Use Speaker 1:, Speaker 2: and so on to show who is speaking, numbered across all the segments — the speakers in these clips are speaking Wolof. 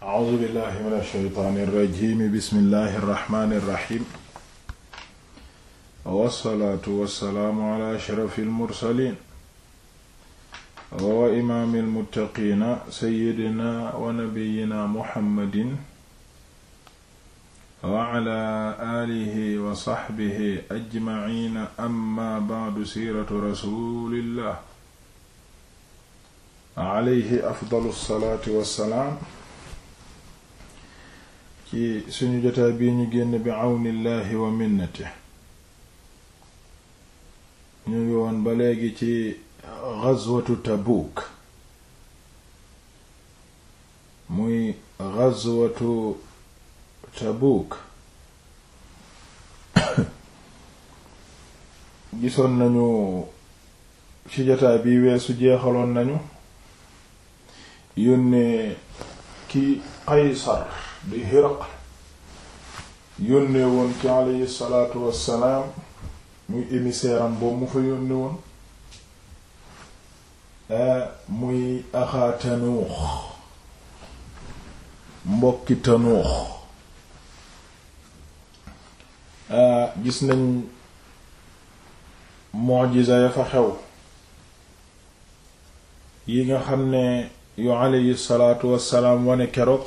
Speaker 1: a'uuzu billahi mina shaytaani rajiim bismillahi rahmaani rahiim wassalaatu wassalaamu ala ashrafil mursaliin wa imaamil muttaqiina sayyidina wa nabiyyina muhammadin wa ala aalihi wa saxbihi ajmaciina amma bacdu siiratu rasuulillah alayhi afdalu salaatu wassalaam ci suñu jotaay bii ñu génn bi àwnillaahi wa minnati ñu ngi woon ba léegi ci ghazwatu Tabuuk muy ghazwatu Tabuuk gisoon nañu ci jotaay bi weesu jeexaloon nañu yónnee ki Qaysar bi Hiraql yónnee woon ci aleyhi salaatu wassalaam muy émissaire am boobu mu fa yónnee woon eh, muy axaa tanuux mbokki tanuux eh, gis nañ mujiza ya fa xew yi nga xam ne yu aleyhi salaatu wassalaam wane keroog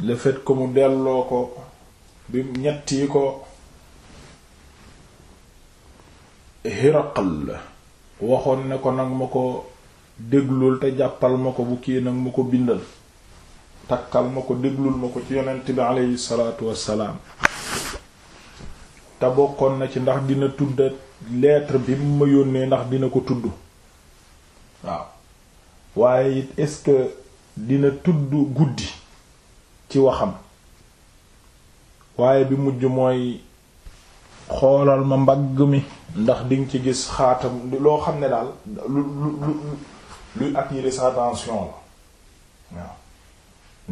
Speaker 1: le ko que mu delloo ko bi ñetti ko Hiraql waxoon ne ko nag ma ko déglul te jàppal ma ko bu kii nag ma ko bindal takkal ma ko déglul ma ko ci yonent bi aleyhi salaatu wassalaam te bokkoon na ci ndax dina tudd lettre bi mu ma yónnee ndax dina ko tudd waaw waaye it est-ce dina tudd guddi ci waxam waaye bi mujj mooy xoolal ma mbagg mi ndax dinga ci gis xaatam loo xam ne daal lu lu luy attirer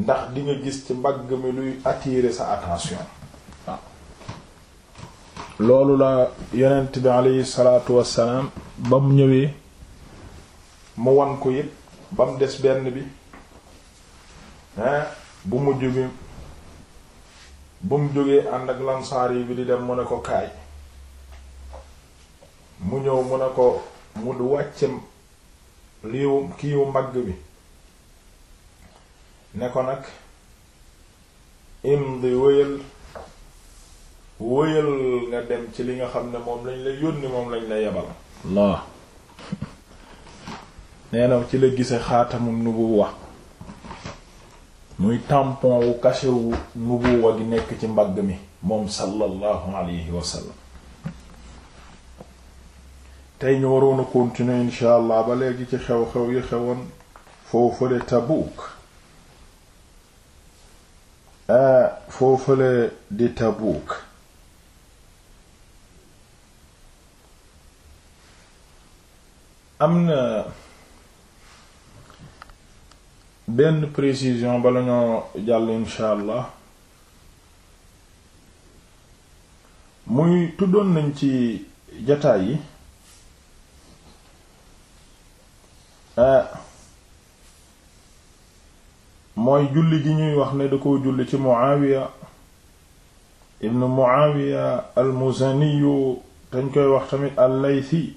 Speaker 1: ndax di nga gis ci mbagg mi luy attirer sa attention loolu la yonent bi aleyhi salaatu wassalaam ba mu ñëwee mu wan ko yépp ba des benn bi hein bu mujj bi bu mu jógee ànd ak lansaar yi bi di dem mu ne ko kaay mu ñëw mu ne ko mu wàcce liiwu kiiwu mbagg bi ne ko nag imdi wëyal wëyal nga dem ci li nga xam ne moom lañ lay yónni moom lañ lay yebal laa nee na ci la gise xaatamum wax muy tampon wu cachet nubuwa gi nekk ci mbagg mi moom sallallahu alayhi wa sallam tey ñu waroon a continuer incha allah ba léegi ci xew-xew yi xewoon foofale Tabuuk ah, foofale di Tabuuk am na benn présision bala ñoo jàll insha allah muy tuddoon nañ ci jataay yi ah. mooy julli gi ñuy wax ne da ko julli ci Muawiya ibn Muawiya al-Muzaniyu dañ koy wax tamit al-Laythi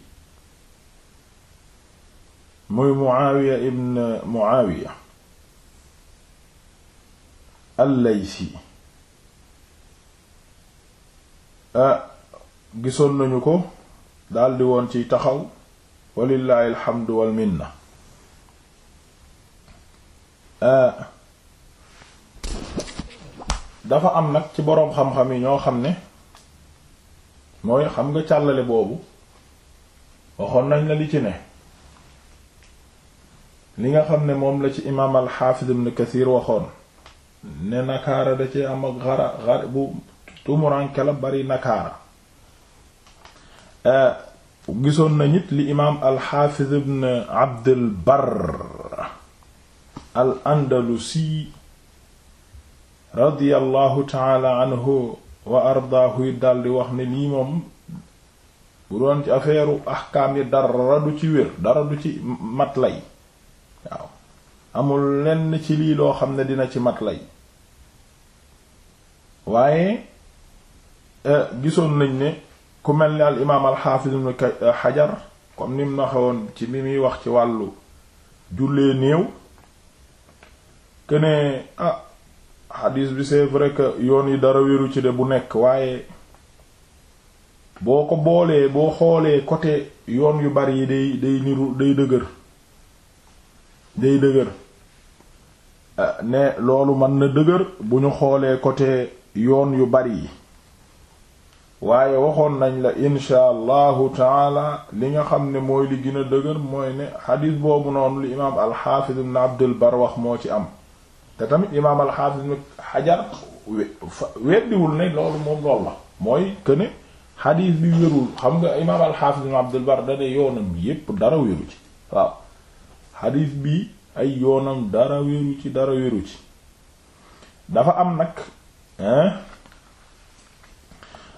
Speaker 1: muy Muawiya ibn Muawiya al-Laysi ah gisoon nañu ko daldi woon ciy taxaw walillahi alhamdu wal minna ah, dafa am nag ci boroom xam-xam yi ñoo xam ne mooy xam nga càllale boobu waxoon nañ la li ci ne li nga xam ne moom la ci imaam al-Hafiz ibn Kathir waxoon ne nakaara da ci am ak xara xara bu tumuranke la bari nakaara eh, gisoon na nit li imaam alxaafiz ibn abdul bar al andalusi radiyallahu taala anhu wa ardaahu yi daldi wax ne lii moom bu doon ci affaire ahkaam yi dara du ci wér dara du ci mat lay waaw amul lenn ci lii loo xam ne dina ci mat lay waaye eh, gisoon nañ ne ku mel ni al imaam al xaafiz ibn xajar eh, comme ni mu naxewoon ci bi muy wax ci wàllu jullee néew que ne ah xadiis bi c'est vrai que yoon yi dara wéru ci de bu nekk waaye boo ko boolee boo xoolee côté yoon yu bari yi day day niru day dëgër day dëgër eh, ne loolu mën na dëgër bu ñu xoolee côté yoon yu bari yi waaye waxoon nañ la insha allahu taala li nga xam ne mooy li gën a dëgër mooy ne xadiis boobu noonu li imaam alxaafis ibn abdul bar wax moo ci am te tamit imaam alxaafis ibn xajar weddiwul ne loolu bi wérul xam nga imaam alxaafis ibn abdul bar yoonam yépp dara wéru ci waaw xadiis bi ay yoonam dara wéru ci dara wéru ci dafa am nag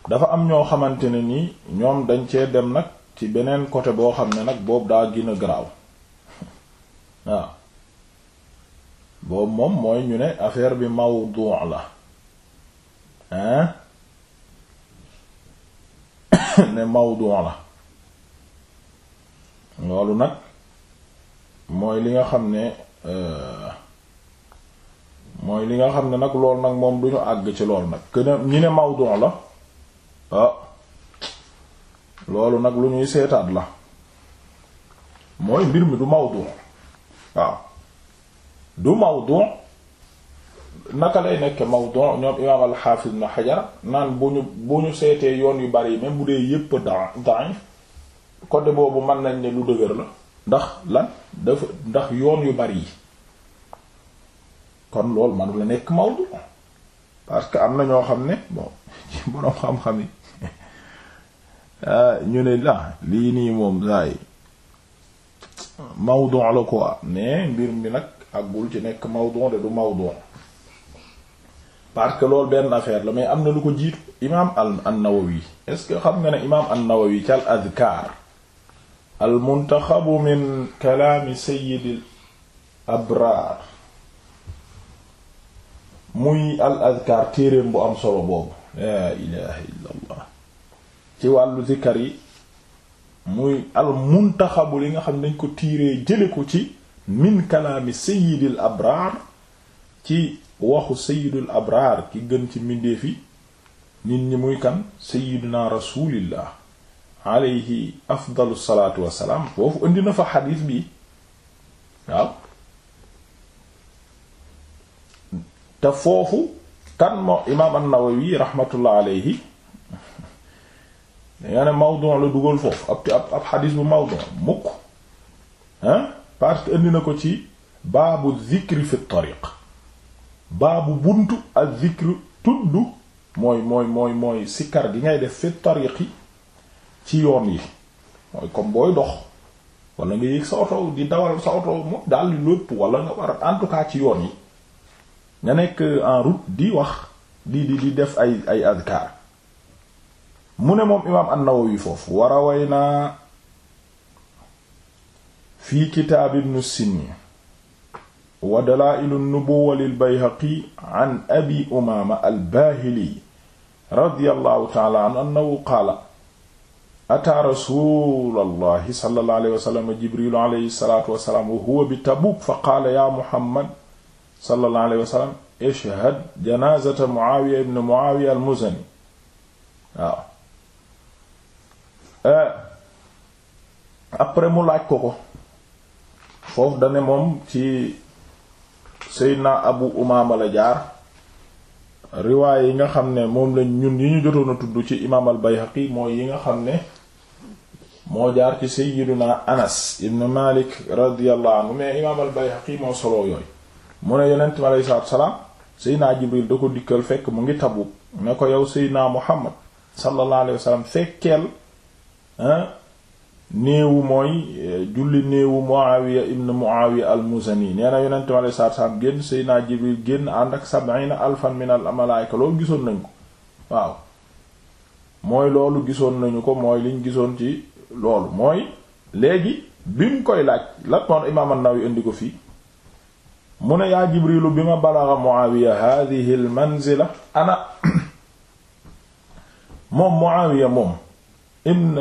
Speaker 1: dafa am ñoo xamante ne nii ñoom dañ cee dem nag ci beneen côté boo xam ne nag boobu daa gën a garaaw waaw boobu moom mooy ñu ne affaire bi mawdu la hein ne mawdu la loolu nag mooy li nga xam ne euh, mooy li nga xam ne nag lool nag moom ñu àgg ci lool nag këna ñi ne mawdu' la ah loolu nag lu ñuy seetaat la mooy mbir mi du mawdu' waaw du mawdu' naka lay nekk mawdu' ñoom imaam al-Hafiz Ibn naan bu ñu bu ñu seetee yoon yu bari même bu dee yépp da daan côté boobu mën nañ ne lu dëgër la ndax lan dafa ndax yoon yu bari yi kon loolu manu nekk mawdu parce que am na ñoo xam ne bon boroom xam-xam yi ñu ne la lii nii moom saa yi mawdu ko quoi mais mbir mi nag àggul ci nekk mawdu de du mawdu parce que loolu benn affaire la may am na lu ko jiitu imaam an-Nawawi est-ce que xam nga na imaam an-Nawawi ci al-Adkaar al-muntaxabu min kalaami sayyidil abraar muy al azkar téereem bu am solo boobu laa ilaha illa ci wàllu zikkar yi muy al li nga xam dañ ko tiiree jële ko ci min kalaami sayidil abraar ci waxu sayidul abraar ki gën ci mbindeef nit ñi muy kan sayiduna rasulillah alayhi afdalu salaatu wassalaam foofu indi na fa xadiis bi waaw te foofu kan moo imaam an-Nawawi rahmatullah alayhi danga ne mawdu la dugal foofu ab ab ab xadiis bu mawdu mukk hein parce que indi na ko ci baabu zikri fi tariq baabu buntu ak zikri tudd mooy mooy mooy mooy sikkar ngay def fi tariqi ci yoon yi mooy comme booy dox wala nga yéeg sa oto di dawal sa moom daal lépp wala nga war en tout ci yoon yi nga nekk en route di wax di di di def ay ay adkaar mu ne moom imaam an-Nawawi foofu wa rawaynaa fi kitaab ibn Sinni wa dalaa'ilu an-nubuwwa lil Bayhaqi an Abi Umaama al-Baahili radiyallahu ta'ala anhu annahu qaala ataa rasuulallahi sallallahu alayhi wa sallam Jibriil alayhi salaatu wa salaam wa huwa bi Tabuuk fa qaala yaa Muhammad sallallahu alayhi wa sallam ishhad janaazata Muawiya ibn Muawiya al-Muzani waaw eh, après mu laaj ko ko foofu dane moom ci Seydina Abu Umaama la jaar riwaay yi nga xam ne moom lañ ñun yi ñu jotoon a tudd ci imaam al mooy yi nga xam ne moo jaar ci Seydina Anas ibn Malik radiyallahu anhu mais imaam al moo solo yooyu mu ne yonent bi aleyhi salaatu salaam seydinaa jibril da ko dikkal fekk mu ngi Tabuk ne ko yow seydinaa muhammad sallallahu alayhi wa sallam fekkeel néewu mooy julli néewu Muawiya ibn Muawiya al-Muzani nee na yonent bi aleyhi salaatu salaam génn seydinaa jibril génn ànd ak sab'ina alfan min al malaayika loolu gisoon nañ ko waaw mooy loolu gisoon nañu ko mooy liñ gisoon ci loolu mooy léegi bi mu koy laaj la moon imaam an-Nawawi indi ko fii mu ne yaa jibrilu bi ma balaxa muawiya hadihi al manzila ana moom muawiya moom ibn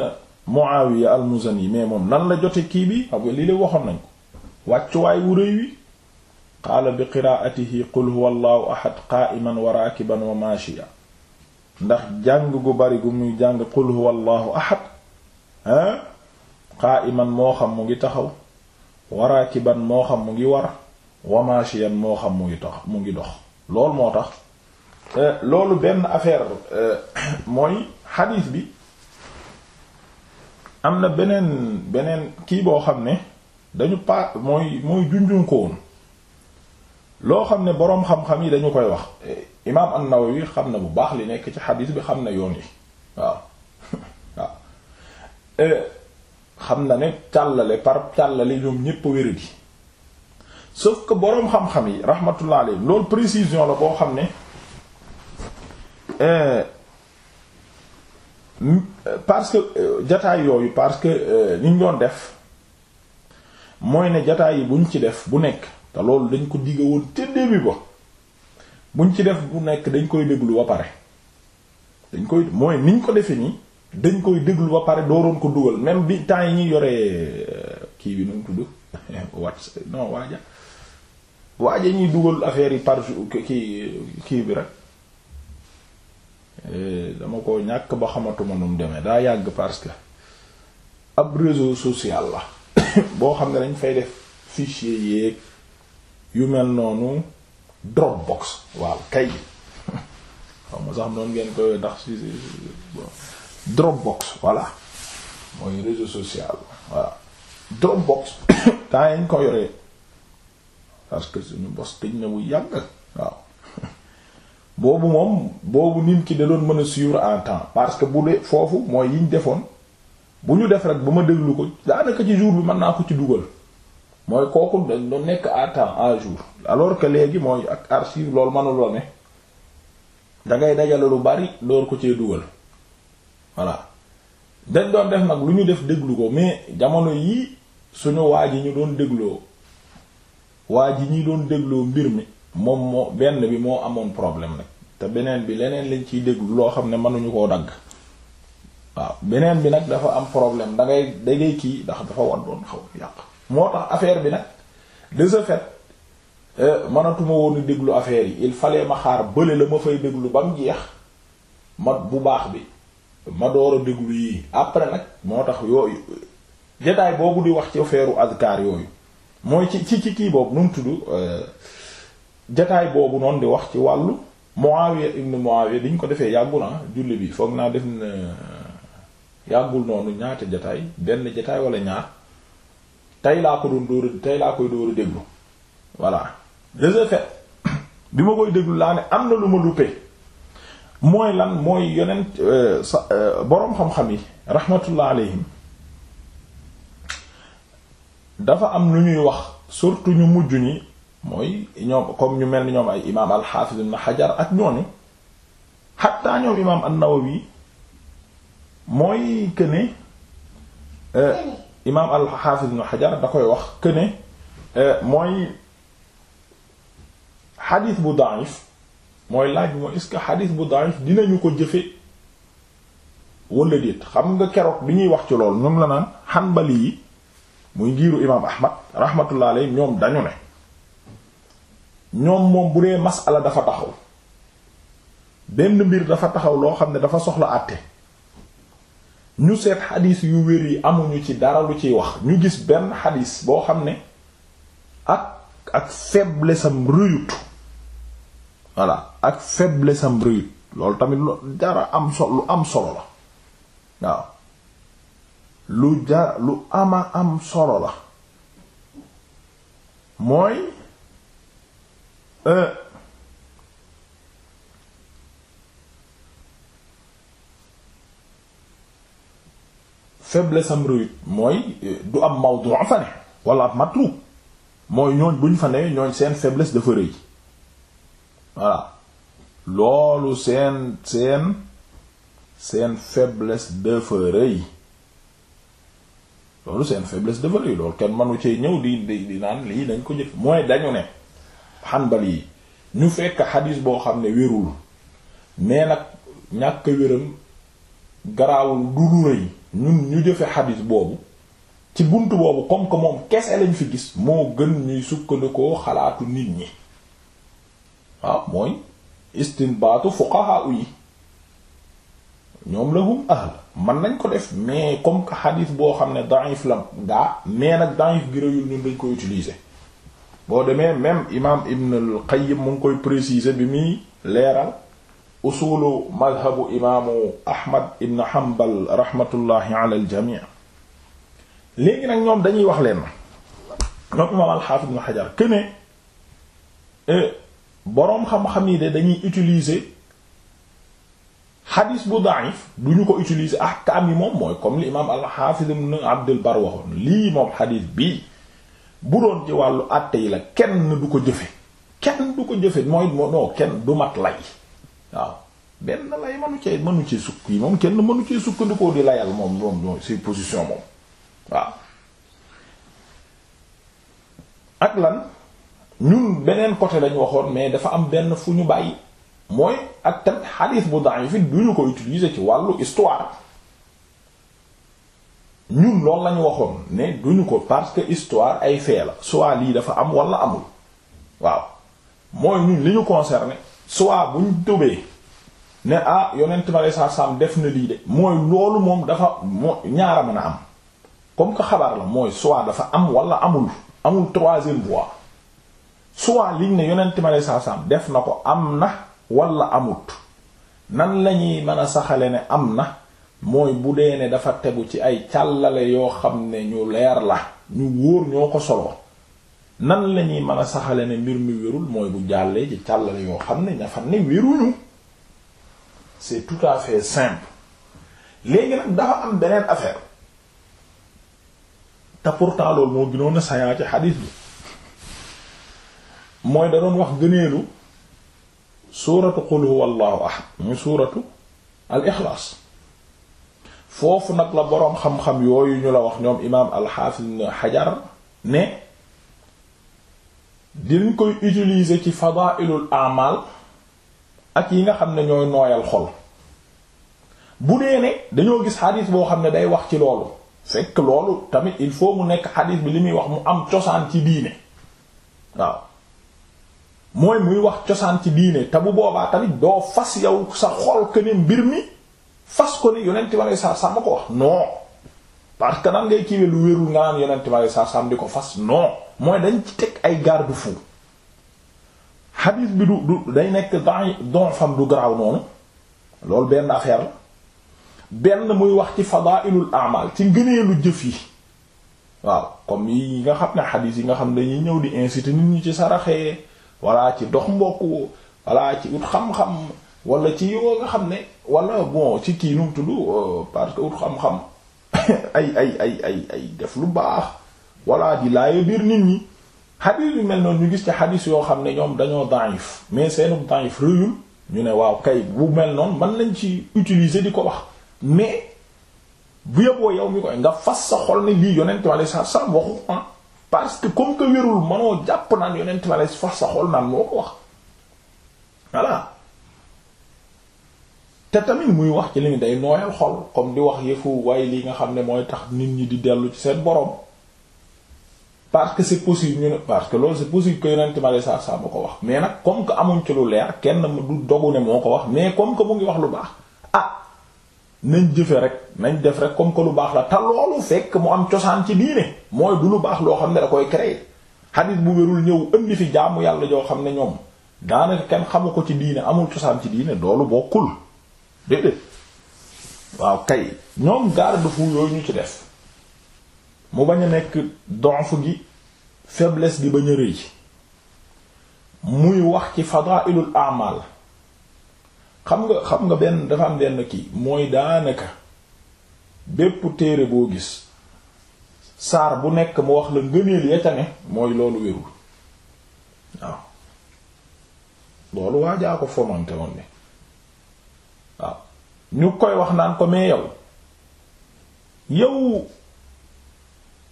Speaker 1: muawiya al muzani mais moom nan la jote kii bi xam nga lii waxoon nañ ko wàccuwaay wu rëy wi qaala bi qiraatihi qul huwa allahu ahad qaaiman wa raakiban wa maashiya ndax jàng gu bari gu muy jàng qul huwa allahu ahad ah qaaiman moo xam mu ngi taxaw wa raakiban moo xam mu ngi war wamachiyan moo xam muy tax mu ngi dox loolu moo tax euh, loolu benn affaire euh, mooy xadiis bi am na beneen beneen kii boo xam ne dañu pa mooy mooy junjun loo xam ne boroom xam-xam yi dañu koy wax imaam an-Nawawi xam na bu baax li nekk ci xadiis bi xam na yoon yi waaw euh, xam na ne càllale par càllale ñoom ñépp wéradi sauf que boroom xam-xam yi rahmatullah alayhi loolu précision la boo xam ne euh, parce que euh, jataay yooyu parce que ni euh, ñu doon def mooy ne jataay yi buñ ci def bu nekk te loolu dañ ko digg woon te début ba buñ ci def bu nekk dañ koy déglu ba pare dañ koy mooy niñ ko defee nii dañ koy déglu ba pare dooroon ko dugal même bi temps yi ñuy yoree kii bi nu mu tudd whatsapp non waaja waa ñuy dugal affaire yi par kii kii bi rek eh, dama ko ñàkk ba xamatuma nu mu demee daa yàgg parce que ab réseau social la boo xam ne dañ fay def fichier yéeg yu mel noonu Dropbox waaw kay xaw ma sax noonu ngeen koy ndax si Dropbox voilà mooy réseau social voilà Dropbox temps yañ ko yoree parce que suñu bos tëj na bu yàgg waaw boobu moom boobu nit ki da doon mën a suivre en temps parce que bu dee foofu mooy yiñ defoon bu ñu def rek bu ma déglu ko daanaka ci jour bi mën naa ko ci dugal mooy kooku dañ doon nekk à temps à jour alors que léegi mooy ak archive loolu mënuloo ne dangay dajale lu bari door ko cee dugal voilà dañ doon def nag lu ñu def déglu ko mais jamono yii suñu waaj yi ñu doon dégloo waa ji ñi doon dégloo mbir mi moom moo benn bi moo amoon problème nag te beneen bi leneen lañ ciy déglu loo xam ne mënuñu koo dagg waaw beneen bi nag dafa am problème da ngay da kii ndax dafa war doon xaw yàq moo tax affaire bi nag de ce fait euh, mënatuma woon déglu affaire yi il fallait ma xaar bële la ma fay déglu ba mu jeex ma bu baax bi ma door a déglu yii après nag moo tax yooyu jotaay boobu di wax ci affaire u yooyu mooy ci ci ci kii boobu nu mu tudd euh, jataay boobu noonu di wax ci wàllu Muawiya ibn Muawiya ñu ko defee yàggul ah julli bi foog naa def na yàggul noonu ñaata jataay benn jataay wala ñaar tey laa ko doon dóor tey laa koy dóor a déglu voilà de ce bi ma koy déglu laa ne am na lu ma luppee mooy lan mooy yonent euh, sa euh, boroom xam-xam yi rahmatullah alayhim dafa am lu ñuy wax surtout ñu mujj ñi mooy ñoom comme ñu mel ni ñoom ay imaam al-Hafiz ibn Hajar ak ñooñu xatta ñoom imaam an-Nawawi mooy que ne euh, imaam al-Hafiz ibn da koy wax que euh, mooy xadis bu da'if mooy laaj bi mooy est-ce que xadis bu da'if dinañu ko jëfe wala xam nga keroog bi ñuy wax ci loolu ñoom la naan Hanbali yi. muy ngiiru imaam ahmad rahmatullah ñoom dañu ne ñoom moom bu dee masala dafa taxaw benn mbir dafa taxaw loo xam ne dafa soxla àtte ñu seet xadiis yu wér yi amuñu ci dara lu ciy wax ñu gis benn xadiis boo xam ne ak ak faiblesse am rëyut voilà ak faiblesse am rëyut loolu tamit lu dara am solo am solo la waaw lu ja lu ama am solo la mooy euh, faiblesse am réwit mooy euh, du ab mawdu fa ne wala ab matru mooy ñooñ buñ fa ne ñooñ seen faiblesse dafa rëy voilà loolu seen seen seen faiblesse dafa rëy loolu seen faiblesse dafa loolu kenn manu cee ñëw di di di naan lii dañ ko jëf mooy dañu ne xanbal yi ñu fekk xadis boo xam ne wérul mais nag ñàkk wéram garaawul du lu rëy ñun ñu jëfe xadis boobu ci bunt boobu comme que moom kese lañ fi gis moo gën ñuy sukkandikoo xalaatu nit ñi waaw mooy istinbaatu fuqaha yi ñoom lahum ahl man nañ ko def mais comme que xadis boo xam ne da'if la gaa mais nag da'if gi rëyul dañ koy utiliser boo demee même imam ibn al-Qayyim mu ngi préciser bi muy leeral usulu madhabu imaamu Ahmad ibn Hanbal rahmatullahi ala al-jami' léegi nag ñoom dañuy wax leen ñoom imam al-Hafiz ibn Hajar eh, yi de dañuy utiliser xadis bu da'if du ñu ko utiliser ahkaam yi moom mooy comme li imaam al-Hafiz ibn Abdul Bar waxoon lii moom xadis bii bu doon ci wàllu àtte yi la kenn du ko jëfe kenn du ko jëfe mooy kenn du mat lay waaw benn lay mënu cee mënu cee yi moom kenn mënu cee sukkandikoo di layal moom moom moom ses position moom waaw ak lan ñun beneen côté lañu waxoon mais dafa am benn fu ñu bàyyi mooy ak tamit xadiis bu da'if du ñu ko utiliser ci wàllu histoire ñun loolu lañu waxoon ne duñu ko parce que histoire ay fee la soit lii dafa am wala amul waaw mooy ñun li ñu concerné soit buñ tubee ne ah yonent ma lay sarsam def na lii de mooy loolu moom dafa moo ñaara mën a am comme que xabaar la mooy soit dafa am wala amul amul troisième voie soit liñ ne yonent ma lay sarsam def na ko am na wala amut nan lañuy mën a saxale ne am na mooy bu dee ne dafa tegu ci ay càllale yoo xam ne ñu leer la ñu wóor ñoo ko solo nan lañuy mën a saxale ne mbir mi wérul mooy bu jàllee ci càllale yoo xam ne ña fa ne wéruñu c'est tout à fait simple léegi nag dafa am beneen affaire te pourtant loolu moo gënoon a ci xadiis bi mooy da doon wax gëneelu suuratu qul huwa allahu ahad muy suuratu al foofu nag la boroom xam-xam yooyu ñu la wax ñoom imaam alxaafis ibn xajar ne dinañ koy utiliser ci fadailul amal ak yi nga xam ne ñooy nooyal xol bu dee ne dañoo gis xadiis boo xam ne day wax ci loolu fekk loolu tamit il faut mu nekk xadiis bi li muy wax mu am cosaan ci diine waaw mooy muy wax cosaan ci diine te bu boobaa tamit doo fas yow sa xol que mbir mi fas ko ni yonent ma lay saar saam ko wax non parce que nan ngay kiiwee lu wérul nga naan yonent ma lay saar saam di ko fas non mooy dañ teg ay garde-fou xadiis bi du du day nekk dans don fam du garaaw noonu loolu benn affaire la benn muy wax ci fadailul amal ci ngëneelu jëf yi waaw comme yi nga xam ne xadiis yi nga xam ne dañuy ñëw di inciter nit ñu ci saraxee walla ci dox mbokk walla ci ut xam-xam wala ci yoo nga xam ne wala bon ci kii nu mu tudd euh, parce que ut xam-xam ay ay ay ay ay def lu baax wala di laaye biir nit ñi xadis yu mel noonu ñu gis ci xadis yoo xam ne ñoom dañoo daif mais seenu daif rëyul ñu ne waaw kay bu mel noonu man lañ ci utiliser di ko wax mais bu yeboo yow mi koy nga fas sa xol ne lii yonent wala sa sa waxu ah parce que comme que wérul manoo jàpp naan yonent ma lay fas sa xol naan moo ko wax voilà te tamit muy wax ci li ñu day nooyal xol comme di wax yëfu waaye li nga xam ne mooy tax nit ñi di dellu ci seen borom parce que c'est possible ñu ne parce que loolu c'est possible que yonent ma lay saa saa ma ko wax mais nag comme que amuñ ci lu leer kenn du dogu ne moo ko wax mais comme que mu ngi wax lu baax ah nañ jëfe rek nañ def rek comme que lu baax la te loolu fekk mu am cosaan ci diine mooy du lu baax loo xam ne da koy créer xadis bu wérul ñëw indi fi jaamu yàlla joo xam ne ñoom daanaka kenn xamu ko ci diine amul cosaan ci diine loolu bokkul déedéet waaw kay ñoom garde-fou yooyu ñu ci def mu bañ a nekk donf gi faiblesse gi bañ a rëy muy wax ci fadailul amal xam nga xam nga benn dafa am benn kii mooy daanaka bépp téere boo gis saar bu nekk mu wax la ngëneel ya ca ne mooy loolu wérul waaw loolu waajaa ko fomante woon ne waaw ñu koy wax naan ko mais yow yow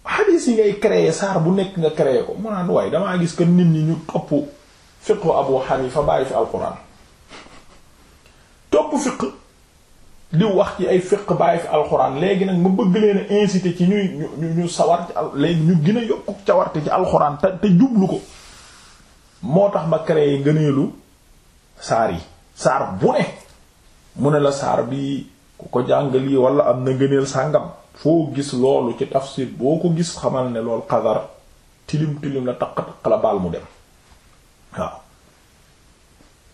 Speaker 1: xadiis yi ngay créer saar bu nekk nga créer ko mu naan waaye damaa gis que nit ñi ñu topp fiqhu Abu Hanifa bàyyi fi alquran topp fiqh di wax ci ay fiqh bàyyi fi alxuraan léegi nag ma bëgg leen a inciter ci ñuy ñu ñu sawar ci alxuraan te te jublu ko moo tax ma créé ngëneelu saar yi saar bu ne mu ne la saar bi ku ko jàngal yi wala am na ngëneel sàngam foo gis loolu ci tafsir boo ko gis xamal ne lool xadar tilim tilim la taq taq la baal mu dem waaw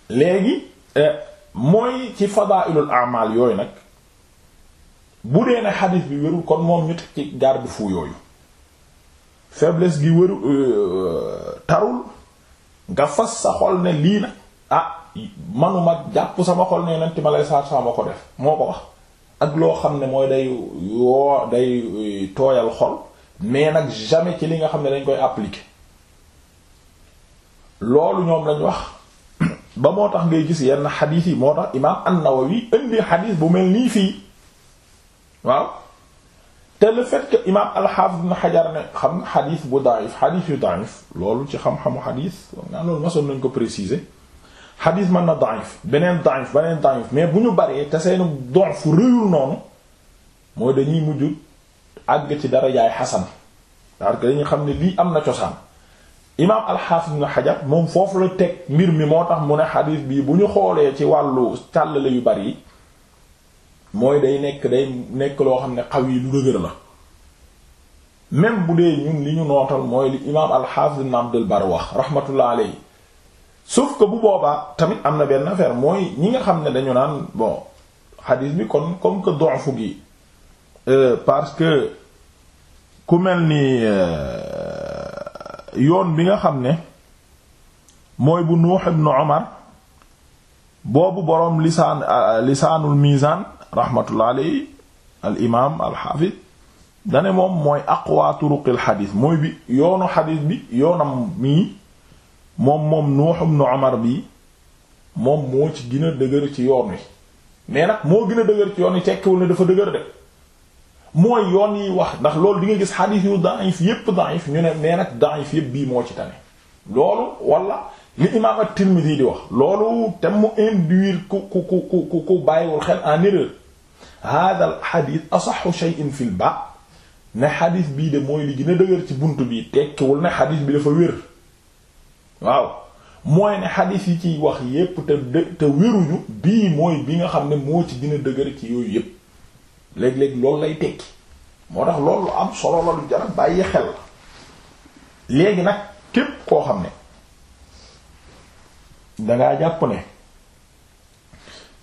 Speaker 1: léegi. Eh, mooy ci fadailul amal yooyu nag bu dee ne xadis bi wérul kon moom ñu teg ci garde-fou yooyu faiblesse gi wéru euh, tarul nga fas sa xol ne lii nag ah manuma jàpp sama xol ne yonent ma lay saar saa ma ko def moo ko wax ak loo xam ne mooy day yoo day euh, tooyal xol mais nag jamais ci li nga xam ne dañ koy appliquer loolu ñoom lañ wax ba moo tax ngay gis yenn xadiis yi moo tax imaam an-Nawawi indi xadiis bu mel nii fii waaw te le fait que imaam al-Hafiz ibn ne xam nga xadiis bu daif xadiis yu daif loolu ci xam-xamu xadiis nga loolu masoon nañ ko préciser xadiis mën na daif beneen daif beneen daif mais bu ñu baree te seeni doif rëyul noonu mooy dañuy mujj àgg ci dara jaay xasan parce que dañuy xam ne lii am na cosaan imaam alxaafis na xajar moom foofu la teg mbir mi moo tax mu ne xadiis bi bu ñu xoolee ci wàllu càllale yu bari mooy day nekk day nekk loo xam ne xaw yi lu dëgër la même bu dee ñun li ñu nootal mooy li imaam alxaafis ibn abdul bar wax rahmatullah alayhi sauf que bu boobaa tamit am na benn affaire mooy ñi nga xam ne dañu naan bon xadiis bi kon comme que doxu gi euh, parce que ku mel ni euh, yoon bi nga xam ne mooy bu Nuux ibnu Umar boobu boroom lisaan euh, lisaanul mizaan rahmatullah alayhi al imaam al xaafis dane moom mooy aqwa turuqil xadiis mooy bi yoonu xadiis bi yoonam mii moom moom Nuux ibnu Umar bi moom moo ci gën a dëgër ci yoon wi mais nag moo gën a dëgër ci yoon wi tekkiwul ne dafa dëgër de mooy yoon yi wax ndax loolu di nga gis xadiis yu da'if yépp da'if ñu ne nee nag da'if yépp bii moo ci tane loolu walla li imaam at-Tirmidhi di wax loolu te mu induire ku ku ku ku ku bàyyiwul xel en erreur hada al xadiis asaxu shay'in fil ba ne xadiis bii de mooy li gën a dëgër ci bunt bi tekkiwul ne xadiis bi dafa wér waaw mooy ne xadiis yi ciy wax yépp te te wéruñu bii mooy bi nga xam ne moo ci gën a dëgër ci yooyu yépp léeg-léeg loolu lay tekki moo tax loolu am solo la lu jar bàyyi xel la léegi nag képp koo xam ne dangaa jàpp ne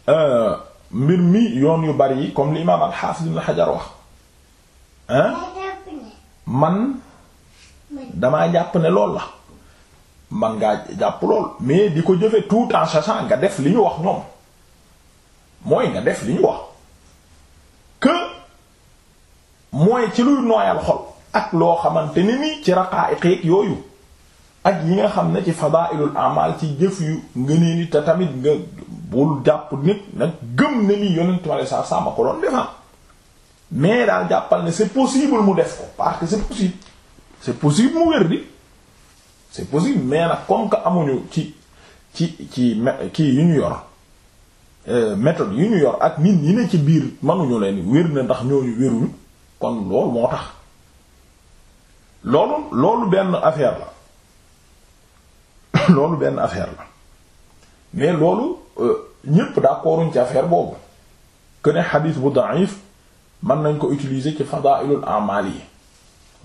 Speaker 1: euh, mbir mi yoon yu bari yi comme li imaam al-Hafiz Ibn Hajar wax man damaa jàpp ne lool la man ngaa jàpp lool mais di ko jëfe tout en sachant nga def li ñu wax ñoom mooy nga def li ñu wax mooy ci luy nooyal xol ak loo xamante ni nii ci raqaa'iq yooyu ak yi nga xam ne ci fadaa'ilul a'mal ci jëf yu ngënee ni te tamit nga bul jàpp nit nag gëm ne lii yonentu Yàlla sa ko doon defam ah. mais daal jàppal ne c'est possible mu def ko parce que c'est possible c'est possible mu wér di c'est possible mais nag comme que amuñu ci ci ci kii yu ñu yor euh, méthode yu ñu yor ak nit ñi ne ci biir mënuñu leen wér na ndax ñooñu wéruñu kon loolu moo tax loolu loolu benn affaire la loolu benn affaire la mais loolu euh, ñépp d'accorduñ ci affaire boobu que ne xadiis bu da'if mën nañ ko utiliser ci fadailul amal yi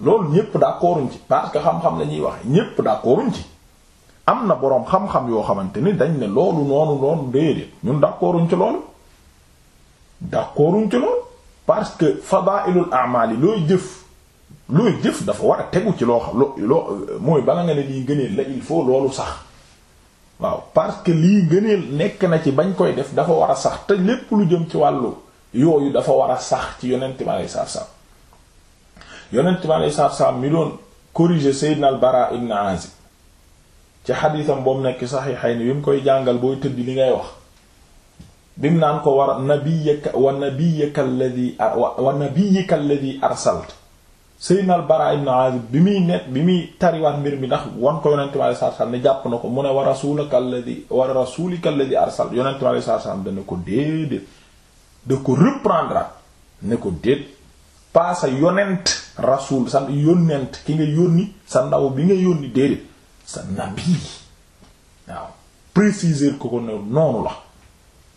Speaker 1: loolu ñépp d'accorduñ ci parce que xam-xam la ñuy wax ñépp d'accorduñ ci am na boroom xam-xam yoo xamante ni dañ ne loolu noonu noonu déedéet ñun d'accorduñ ci loolu d'accorduñ ci loolu parce que fadailul amal yi looy jëf looy jëf dafa war a tegu ci loo xam loo loo mooy bala nga ne lii gëneel la il faut loolu sax waaw parce que lii gëneel nekk na ci bañ koy def dafa war a sax te lépp lu jëm ci wàllu yooyu dafa war a sax ci yonent ma lay saab-saab yonent ma lay saab-saab mi doon corriger Seydina al Bara ibn Azib ci xadiisam boobu nekk sax saxiixay ni bi mu koy jàngal booy tëdd li ngay wax bi mu naan ko war nabiyyaka wa nabiyyaka alladhi wa nabiyyika alladhi arsalta sayyidina al-Bara ibn Azib bi muy net bi muy tariwaat mbir mi ndax wan ko yonente mi alayhi salaatu salaam ne jàpp na ko mu ne wa rasulika alladhi wa rasulika alladhi arsalta yonente mi alayhi salaatu salaam dana ko déedéet da ko reprendre ne ko déet paasa yonent rasul sa yonent ki nga yónni sa ndaw bi nga yónni déedéet sa nabi waaw préciser ko ko ne noonu la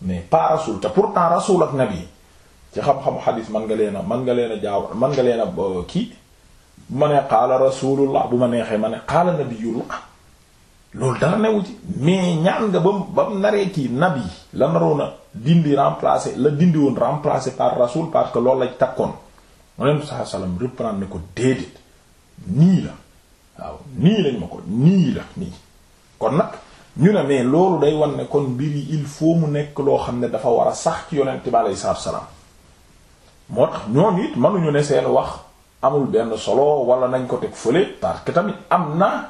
Speaker 1: mais pas rasul te pourtant rasul ak nabi ci xam-xamu xadiis man nga leen a man nga leen a jaaw man nga leen a euh, kii bu ma nee qaala rasulullah bu ma neexee ma ne xaala qaala nabiyullah loolu dara newu ci mais ñaan nga ba mu ba mu naree kii nabi la naroon a dindi remplacer la dindi woon remplacer par rasul parce que loolu lañ takkoon moom saa salaam reprendre ne ko déedéet nii la waaw nii lañ ma ko nii la nii kon nag. ñu ne mais loolu day wan ne kon mbir yi il faut mu nekk loo xam ne dafa war a sax ci yonent bi aleyhi salaatu wa salaam moo tax ñoom it mënuñu ne seen wax amul benn solo wala nañ ko teg fële parce que tamit am na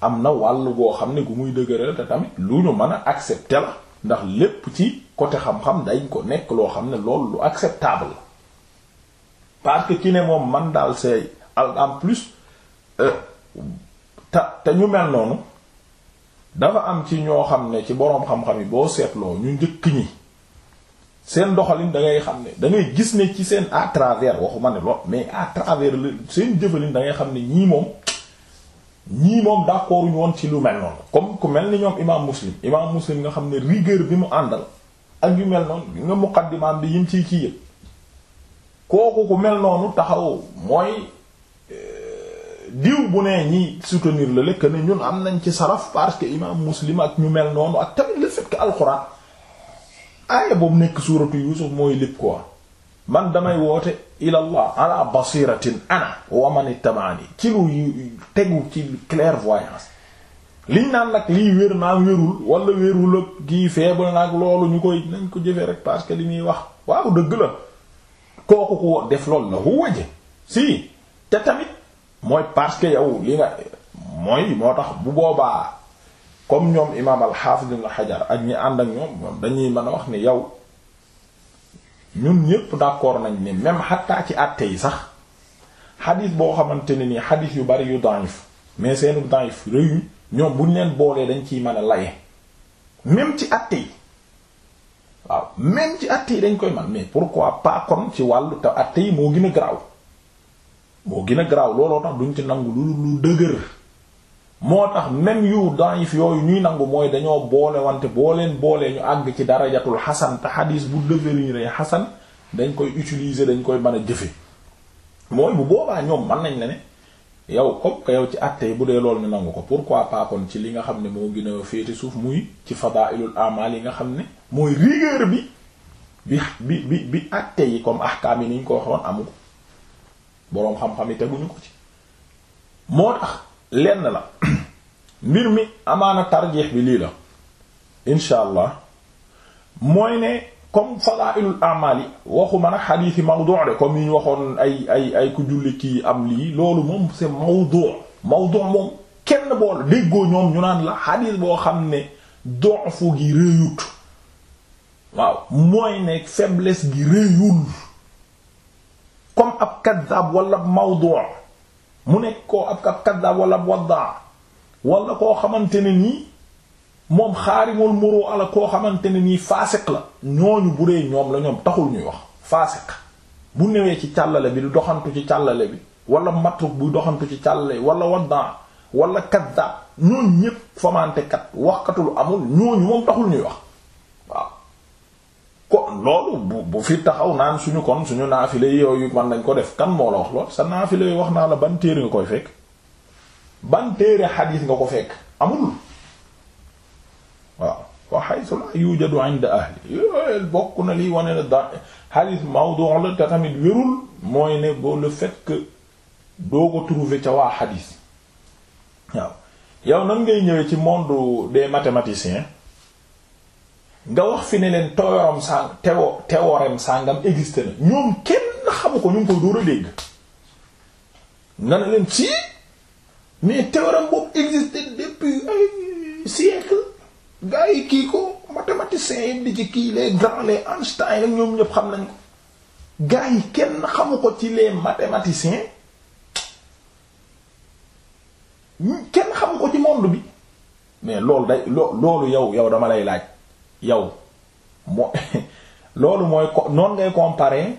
Speaker 1: am na wàll goo xam ne gu muy dëgëral te tamit lu ñu mën a accepter la ndax lépp ci côté xam-xam dañ ko nekk loo xam ne loolu lu acceptable la parce que ki ne moom man daal say en plus euh, te te ñu mel noonu. dafa am ci ñoo xam ne ci boroom xam-xam yi boo seetloo ñu njëkk ñi seen doxalin da ngay xam ne dangay gis ne ci seen à travers waxuma ne lool mais à travers seen jëfalin da ngay xam ne ñii moom ñii moom d'accord ñu woon ci lu mel noonu comme ku mel ni ñoom imaam muslim imaam muslim nga xam ne rigueur bi mu àndal ak yu mel noonu nga muqaddimaam bi yim ciy kii yëpp kooku ku mel noonu taxaw mooy diw bu ne ñi soutenir la lekk ne ñun am nañ ci saraf parce que imam muslim ak ñu mel noonu ak tamit le fait que alxuraan aaya boobu nekk suuratu yuusuf mooy lépp quoi man damay woote ilallah ala basiratin ana wa man ittabaani ci lu tegu ci clairvoyance liñ naan nag lii wér naa wérul wala wérul ak gi faible nag loolu ñu koy nañ ko jëfee rek parce que li muy wax waaw dëgg la kooku ko def loolu la hu waje si te tamit mooy parce que yow li nga mooy moo tax bu boobaa comme ñoom imaam al-Hafiz Ibn Hajar ak ñi ànd ak ñoom dañuy mën a wax ni yow ñun ñépp d'accord nañ ne même xattaa ci atte yi sax xadiis boo xamante ne nii xadiis yu bari yu daif mais seenu daif rëyu ñoom bu buñ leen boolee dañ ciy mën a laye même ci àtte yi waaw même ci àtte yi dañ koy man mais pourquoi pas kon ci wàllu te àtte yi moo gën a garaaw moo gën a garaaw looloo tax duñ ci nangu lu lu dëgër moo tax même yu daif yooyu ñuy nangu mooy dañoo boole wante boo leen boolee ñu àgg ci darajatul xasan te xadis bu dëgëriñ xasan dañ koy utiliser dañ koy man a jëfe mooy bu boobaa ñoom mën nañ la ne yow comme que yow ci àtte yi bu dee loolu ñu nangu ko pourquoi pas kon ci li nga xam ne moo gën a féete suuf muy ci fadailul amal yi nga xam ne mooy rigueur bi bi bi bi bi àtte yi comme ahkaam yi ni ko waxoon amu ko boroom xam-xam yi teguñu ko ci moo tax lenn la mbir mi amaana tarjeex bi lii la incha allah mooy ne comme fadailul amal yi waxuma nag xadiis yi mawdu de comme yi ñu waxoon ay ay ay ku julli kii am lii loolu moom c'est mawdu mawdu kenn bool déggoo ñoom ñu naan la xadiis boo xam ne doofu gi réyut waaw mooy ne faiblesse gi réyul comme ab kaddaab wala mawdu mu nekk koo ab ab kaddaab wala waddaa wala koo xamante ne nii moom xaarimul muru ala koo xamante ne nii faasiq la ñooñu bu dee ñoom la ñoom taxul ñuy wax faasiq bu newee ci càllale bi du doxantu ci càllale bi wala matruk buy doxantu ci càllale bi wala waddaa wala kaddaab ñooñu ñépp fomante kat waxkatulu amul ñooñu moom taxul ñuy wax ko loolu bu bu fi taxaw naan suñu kon suñu naafile yooyu mën nañ ko def kan moo la wax lool sa naafile wax naa la ban téere nga koy fekk ban téere xadiis nga ko fekk amul waaw wa haythu la yujadu bokk na liy wane ne da xadiis mawdu' la te tamit wérul mooy ne boo le fait doo ko trouver ca waa xadiis waaw yow nan ngay ñëwee ci monde des mathématiciens nga wax fi ne leen saa sàng théo théorème sàngam existé na ñoom kenn xamu ko ñu ngi koy dóor a dégg nga ne leen si mais théorème boobu existé depuis ay siècle yi kii ko mathématiciens yi di ci kii les grands les Einstein ñoom ñëpp xam nañ ko gars yi kenn xamu ko ci les mathématiciens kenn xamu ko ci monde bi mais loolu day loolu yow yow dama lay laaj yow moo loolu mooy ko noonu ngay comparer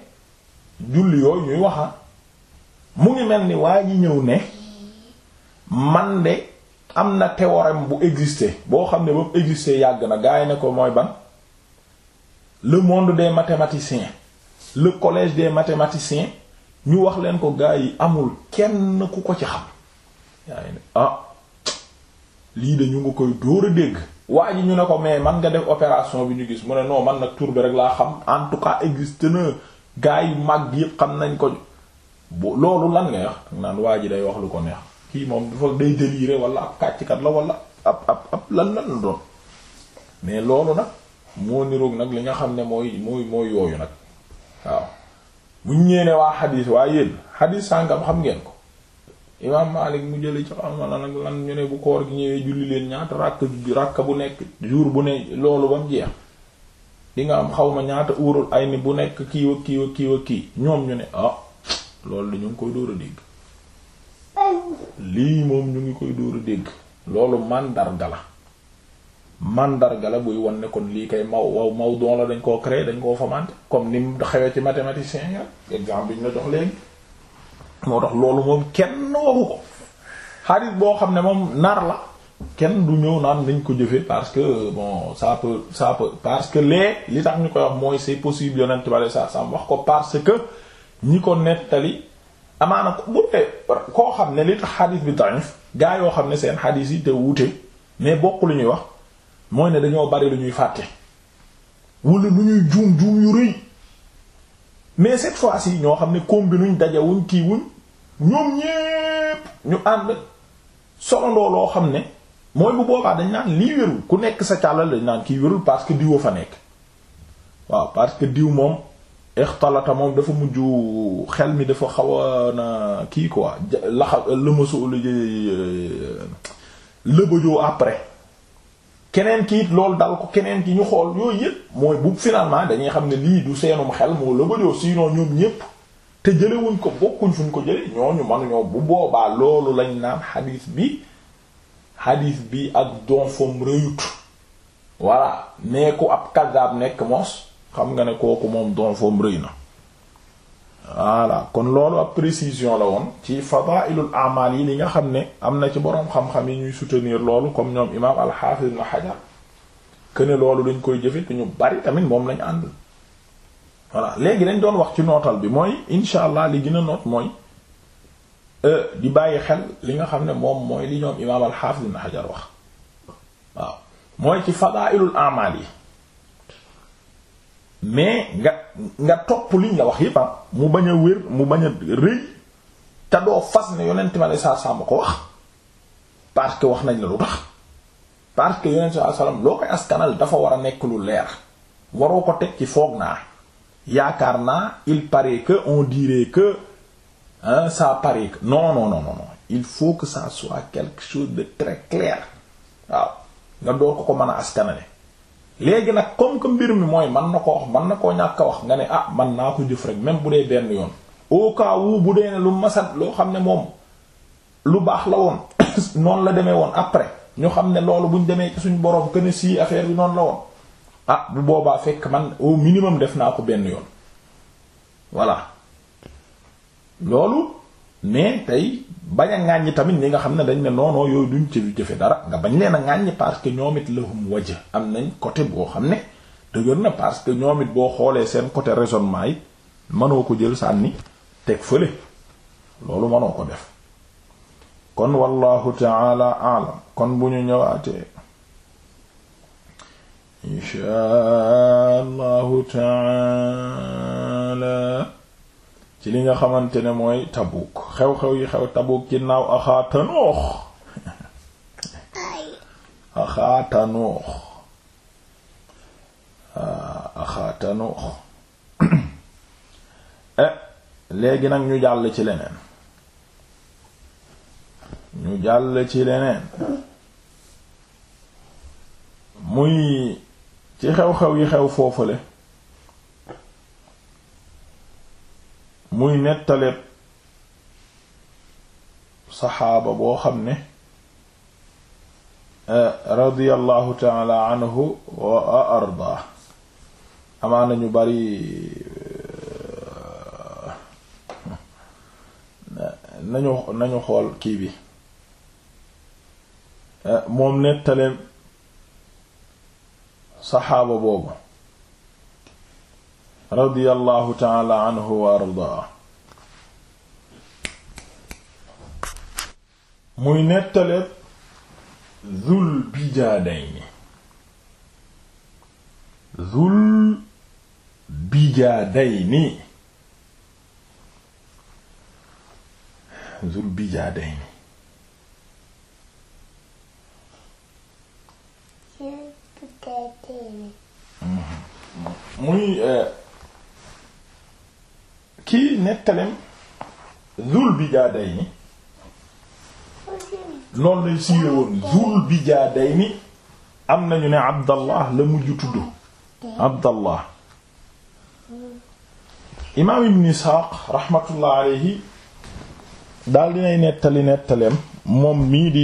Speaker 1: julli yooyu ñuy waxa mu ngi mel ni waa ji ñëw ne man de am na théorème bu exister boo xam ne ba mu exister yàgg na gaa yi ne ko mooy ban le monde de mathématiciens le collège de mathématiciens ñu wax leen ko gaa yi amul kenn ku ko ci xam ah lii de ñu ngi koy dóor a dégg waa ji ñu ne ko mais man nga def opération bi ñu gis mu ne non man nag tur bi rek laa xam en tout cas existe na gars yu mag yëpp xam nañ ko bu loolu lan ngay wax naan waa ji day wax lu ko neex kii moom dafa day déliré wala ab kàccikat la wala ab ab ab lan lan la doon mais loolu nag moo niroog nag li nga xam ne mooy mooy mooy yooyu nag waaw buñ ñëwee ne waa xadis waa yéen xadis sàngam xam ngeen ko. imaam Maalik mu jële ci xaw ma lan ak lan ñu ne bu koor gi ñëwee julli leen ñaata ràkk bu nekk jur bu ne loolu ba mu jeex di nga am xaw ma ñaata uurul ay ni bu nekk kiiwa kiiwa kiiwa kii ñoom ñu ne ah loolu dañu ngi koy dóor a dégg lii moom ñu ngi koy dóor a dégg loolu màndarga la màndarga la buy wan ne kon lii kay maw waw maw doon la dañ koo créer dañ koo famante comme ni mu xewee ci mathématicien ya exemple bi ñu la jox léegi moo tax loolu moom kenn waxu ko xadis boo xam ne moom nar la kenn du ñëw naan nañ ko jëfee parce que bon ça peut ça peut parce que lee li tax ñu koy wax mooy c'est possible yonent bale sa sam wax ko parce que ñi ko nettali amaana ko bu dee koo xam ne li tax xadis bi daif gaa yoo xam ne seen xadis yi te wuute mais bokk lu ñuy wax mooy ne dañoo bari lu ñuy fàtte wala lu ñuy juum juum yu rëy mais cette fois-ci ñoo xam ne combinuñ dajawuñ kii wuñ ñoom ñépp ñu ànd solandoo loo xam ne mooy bu boobaa dañ naan lii wérul ku nekk sa càllal lañ naan kii wérul parce que diw a fa nekk waaw parce que diw moom ixtalata moom dafa mujj xel mi dafa xaw a na kii quoi laxa lëmasu lëbëjoo après keneen ki it loolu dal ko keneen ki ñu xool yooyu yëpp mooy bu finalement dañuy xam ne lii du seenum xel moo la bëjoo sinon ñoom ñëpp te jëlewuñ ko bokkuñ fuñ ko jële ñooñu manuñoo bu boobaa loolu lañ naan xadiis bi xadiis bi ak donfam rëyut voilà mais ku ab kàddaab nekk mos xam nga ne kooku moom donfam rëy na voilà kon loolu ab précision la woon ci fadailul amal yi li nga xam ne am na ci boroom xam-xam yi ñuy soutenir loolu comme ñoom imaam al na Ibn Hajar këne loolu dañ koy jëfe te ñu bari tamit moom lañu ànd voilà léegi dañ doon wax ci nootal bi mooy insha allah li gën a noot mooy euh, di bàyyi xel li nga xam ne moom mooy li ñoom imaam al-Hafiz Ibn Hajar wax waaw mooy ci fadailul amal yi mais nga nga topp liñ la wax yépp ah, mu bañ a wér mu bañ a rëy te doo fas ne yonent ma ne saa saa ko wax parce que wax nañ la lu tax parce que yonent saa salaam loo koy askanal dafa war a nekk lu leer waroo ko teg ci foog naa yaakaar naa il paraît que on dirait que sa ça paraît que non non il faut que ça soit quelque chose de très clair waaw nga doo ko ko mën a askanale léegi nag comme que mbir mi mooy man na ko wax man na koo ñàkk a wax nga ne ah man naa ko jëf rek même bu dee benn yoon au cas où bu dee ne lu masat loo xam ne moom lu baax la woon noonu la demee woon après ñu xam ne loolu bu ñu demee ci suñu borom que ne sii affaire bi noonu la woon ah bu boobaa fekk man au minimum def naa ko benn yoon voilà loolu mais tey bañ a ŋàññi tamit ñi nga xam ne dañ ne noonoo yooyu duñ ci du jëfe dara nga bañ leen a ŋàññi parce que ñoom it lahum wajh am nañ côté boo xam ne dëgër na parce que ñoom it boo xoolee seen côté raisonnement yi mënoo ko jël sànni teg fële loolu mënoo ko def kon wallahu ta'ala a'lam kon bu ñu ñëwaatee insha allahu ta'ala ci li nga xamante ne mooy Tabuk xew-xew yi xew Tabuk ci naaw axaa tanoox léegi nag ñu jàll ci leneen ñu jàll ci leneen muy ci xew-xew yi xew foofale muy nettaleeb saxaaba boo xam ne eh, radiyallahu taala anhu wa arda amaana ñu bari eh, nañu nañu xool kii bi eh, moom nettaleeb saxaaba boobu radiyallahu taala anhu wa ardaa muy nettaleeb Zul Bijaadayni Zul Bijaadayni Zul Bijaadayni muy eh, ci nettalem zul bijaadayni noonu lay siiwee woon zul bijaadayni am nañu ne abdallah la mujj tudd abdallah imaam ibn isxaaq raxmatullah alayhi daal dinay nettali nettaleem moom mii di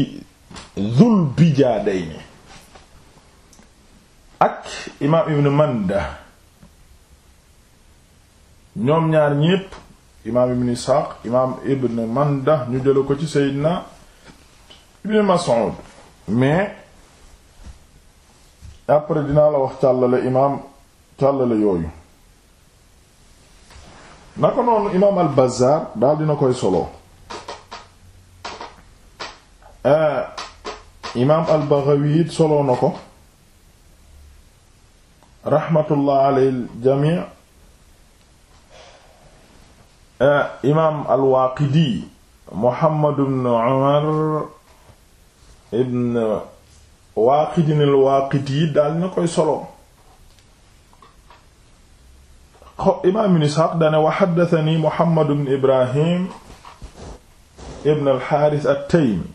Speaker 1: zul bijaadayni ak imaam ibn manda ñoom ñaar ñépp imaam ibn Isxaaq imaam ibn Manda ñu jëla ko ci Seydina ibn Mas'ud mais après dinaa la wax càllale imaam càllale yooyu naka noonu imaam al Bazzaar daal dina koy solo euh, imaam al Baghawi it solo na ko raxmatullah alal jamii Eh, imaam al-Waaqidi Muhammad ibn Umar ibn Waaqidi al-Waaqidi daal na koy solo imaam ibn Isxaaq dane wa haddathanii Muhammad ibn Ibrahim ibn al-Haaris at-Taymi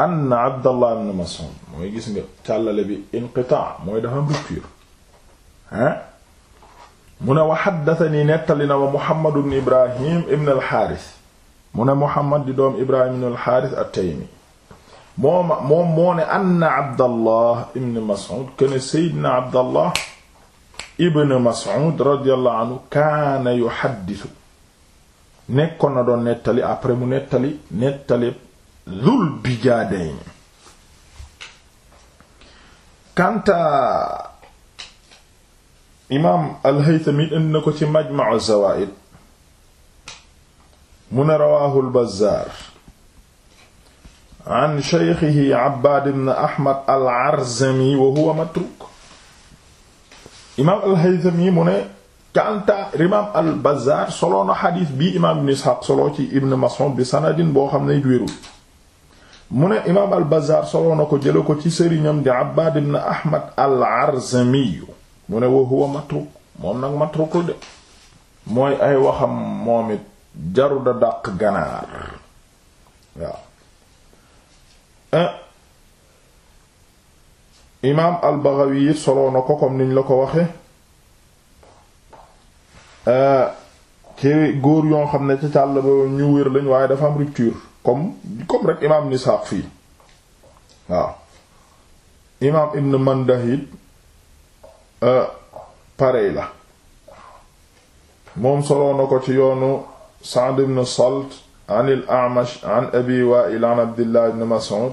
Speaker 1: anna Abdallah ibn Mas'ud mooy gis nga càllale bi inqitaa mooy dafa am rupture ah mu ne wa xaddatani nettali na ma Muhammad ibn Ibrahim ibn al-Xaaris mu ne Muhammad di doom Ibrahim ibn al-Xaaris at-Taymi moom moom moo ne anna Abdallah ibn Mas'ud kaana Seydina Abdallah ibn Mas'ud radiyallahu anhu kaana yuxaddisu nekkoon na doon nettali après mu nettali nettali Zul Bijaadayni kanta imaam al-Haythami indi na ko ci Majma'u Zawaa'id mu ne rawaahu al-Bazzaar an shaykhihi Abbaad ibn Ahmad al-Arzami wa huwa matruuk imaam al-Haythami mu ne kanta imaam al-Bazzaar solo na xadiis bii imaam ibn Isxaaq solo ci ibn Mas'uud bi sanadin boo xam ne wérul mu imaam al-Bazzaar solo na ko jële ko ci sëriñam di Abbaad ibn Ahmad al-Arzami mu ne wa huwa matruk moom nag matruk la de mooy ay waxam moom it jaru da dàq ganaar waaw ah imaam al-Baghawi it na ko comme niñ la ko waxe ah. ci góor yoo xam ne ca càll ba ñu wér lañ waaye dafa am rupture comme comme rek imaam Nisaaq fii waaw imaam Ibn Mandah parey la moom soloo na ko ci yoonu Sa'd ibn Salt an al-A'mash an Abi Wa'il an Abdillah ibn Mas'ud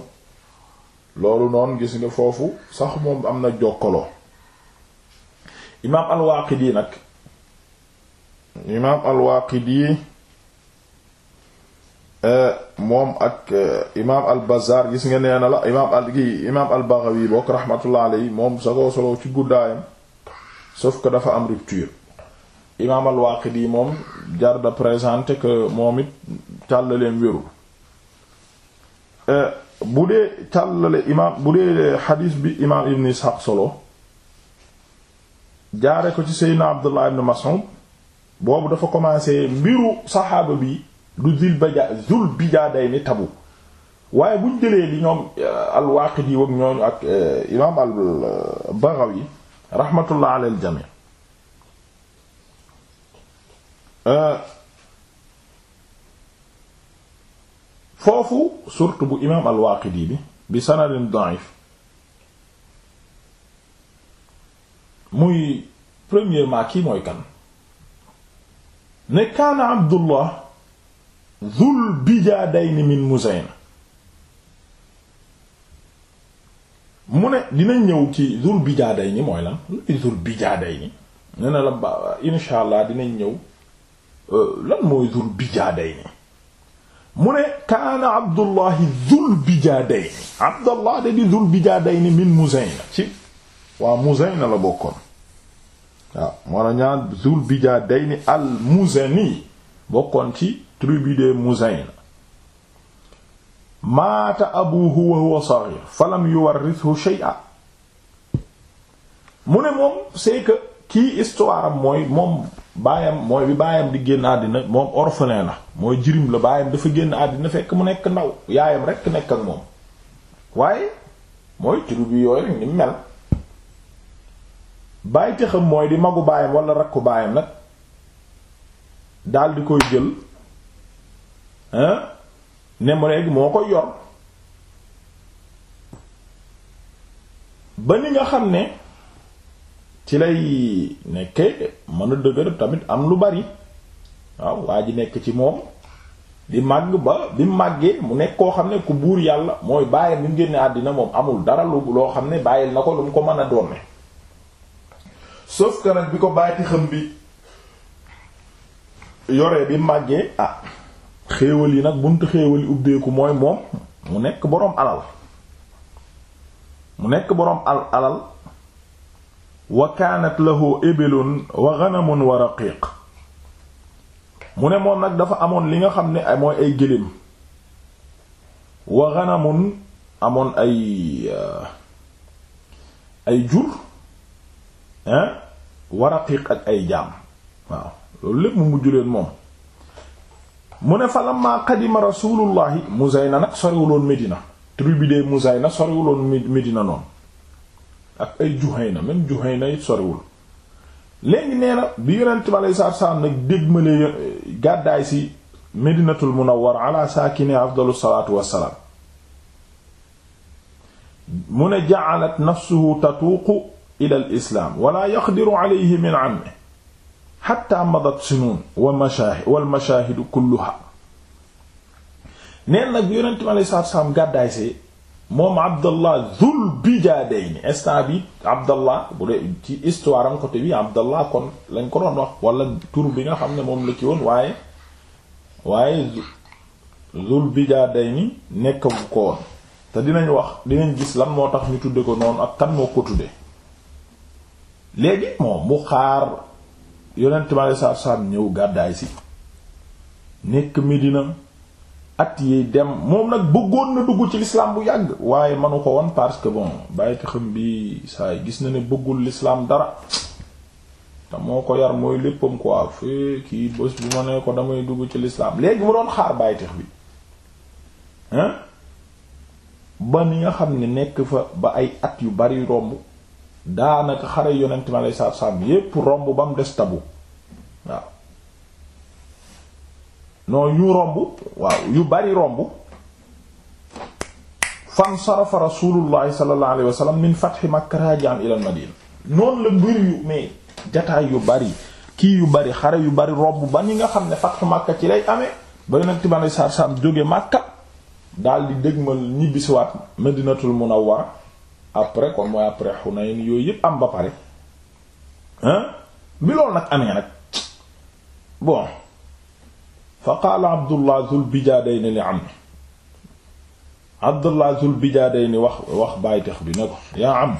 Speaker 1: loolu noonu gis nga foofu sax moom am na jokkaloo imaam al-Waaqidi nag imaam al-Waaqidi e, moom ak e, imaam al-Bazzaar gis nga nee na la imaam al gi imaam al-Baghawi bokk rahmatullah moom sa ko solo ci guddaayam sauf que dafa am rupture imaam al-Waaqidi moom jar da présenter que moom it càllaleen wérul euh, bu dee càllale imaam bu dee xadiis bi imaam ibn Ishaq solo jaare ko ci Seydina Abdullah ibn Mas'ud boobu dafa commencé mbiru saxaaba bi du zil bija zul bija day ni tabu waaye buñ jëlee li ñoom euh, al-Waaqidi wak ñooñu ak euh, imaam al-Baghawi raxmatullah alal jami euh, foofu surtout bu imaam al-Waaqidi bi bi sanadin da'if muy premièrement kii mooy kan ne kaana Abdullah dhul bijaadayni min Muzayna mu ne dinañ ñëw ci zul bijaaday ni mooy lan luy zul bijaaday ni ne la insha allah dinañ ñëw euh, lan mooy zul bijaaday ni mu ne kaana abdullahi zul bijaaday ni abdullah da di zul bijaaday ni min muzayna ci waa muzayna la bokkoon waaw moo la ñaan zul bijaaday ni al muzani bokkoon ci tribu de muzayna maata abu wa huwa saghir falam yuwarrithu shay'a mu ne moom c'est que kii histoire am mooy moom baayam mooy bi baayam di génn àddina moom orphelin la mooy jirim la baayam dafa génn àddina fekk mu nekk ndaw yaayam rekk nekk ak moom waaye mooy tribu yooyu ni mel bàyyi te mooy di magu baayam wala rakku baayam nag daal di koy jël ne mu léegi moo koy yor ba ni nga xam ne ci lay nekkee mën a dëgër tamit am lu bari waaw waa ji nekk ci moom di màgg ba bi màggee mu nekk koo xam ne ku buur yàlla mooy bàyyi bi mu moom amul dara lu loo xam ne bàyyil na ko lu mu ko mën a doon sauf que nag bi ko bàyyi ci xam bi yoree bi màggee ah xéewal yi nag buntu xéewal yi ubbeeku mooy moom mu nekk boroom alal mu nekk boroom al alal wa la lahu ibilun wa ghanamun wa raqiq mu ne moom nag dafa amoon li nga xam ne mooy ay gëléem wa amoon ay euh, ay jur hein wa raqiq ak ay jaam waaw loolu lépp mu mujj leen moom mu ne fa lamma qadima rasulullahi Muzayna nag soriwuloon Medina tribu de Muzayna soriwuloon Medina noonu ak ay Juhayna même Juhayna it soriwul léegi nee na bi yonent bi aleyhi salaatu salaam nag dégmale eh, gàddaay si Medinatul Munawwara ala saakini afdalu salaatu wassalaam mu ne ja'alat nafsuhu tatuuqu ila al islaam wala yaqdiru alayhi min ammihi xatta madat sunuun wal mashaahid wal mashaahidu kulluha neen nag bi yonent mi alayhi salaatu salaam gàddaay see moom Abdallah Zul Bijaadayni instant bi Abdallah bu dee ci histoire am côté bi Abdallah kon lañ ko doon wax wala tur bi nga xam ne moom la ci woon waaye waaye Zul Bijaadayni nekk bu ko woon te dinañ wax dinañ gis lan moo tax ñu tudde ko noonu ak kan moo ko tudde léegi moom mu xaar yonent bi aleyhi salaatu ñëw gàddaay si nekk mi dina at yi dem moom nag bëggoon na dugg ci l'islam bu yàgg waaye manu ko won parce que bon bàyyi ko xam bi gis na ne bëggul lislaam dara te moo ko yar mooy léppam quoi fee kii bés bu ma nee ko damay dugg ci l'islam léegi mu doon xaar bàyyitex bi hein ba ni nga xam ne nekk fa ba ay at yu bari romb daanaka xare yonent mi aleyhi salaatu salaam yépp romb ba mu des tabu waaw noonu romb waaw yu bari romb fan sarafa rasulullahi sallallahu alayhi wa Makka raji'an ila madina noonu la mbir yu mais jataay yu bari kii yu bari xare yu bari romb ba ni nga xam ne fathu Makka ci lay amee ba yonent mi aleyhi salaatu salaam jóge Makka daal di dégmal ñibbisiwaat Madinatul Munawwara après kon après Hunayn yooyu yëpp am ba pare hein bi loolu bon fa Abdullah Zul Bijaadayni li ammi Abdullah Zul Bijaadayni wax wax bàytex bi ne ko yaa am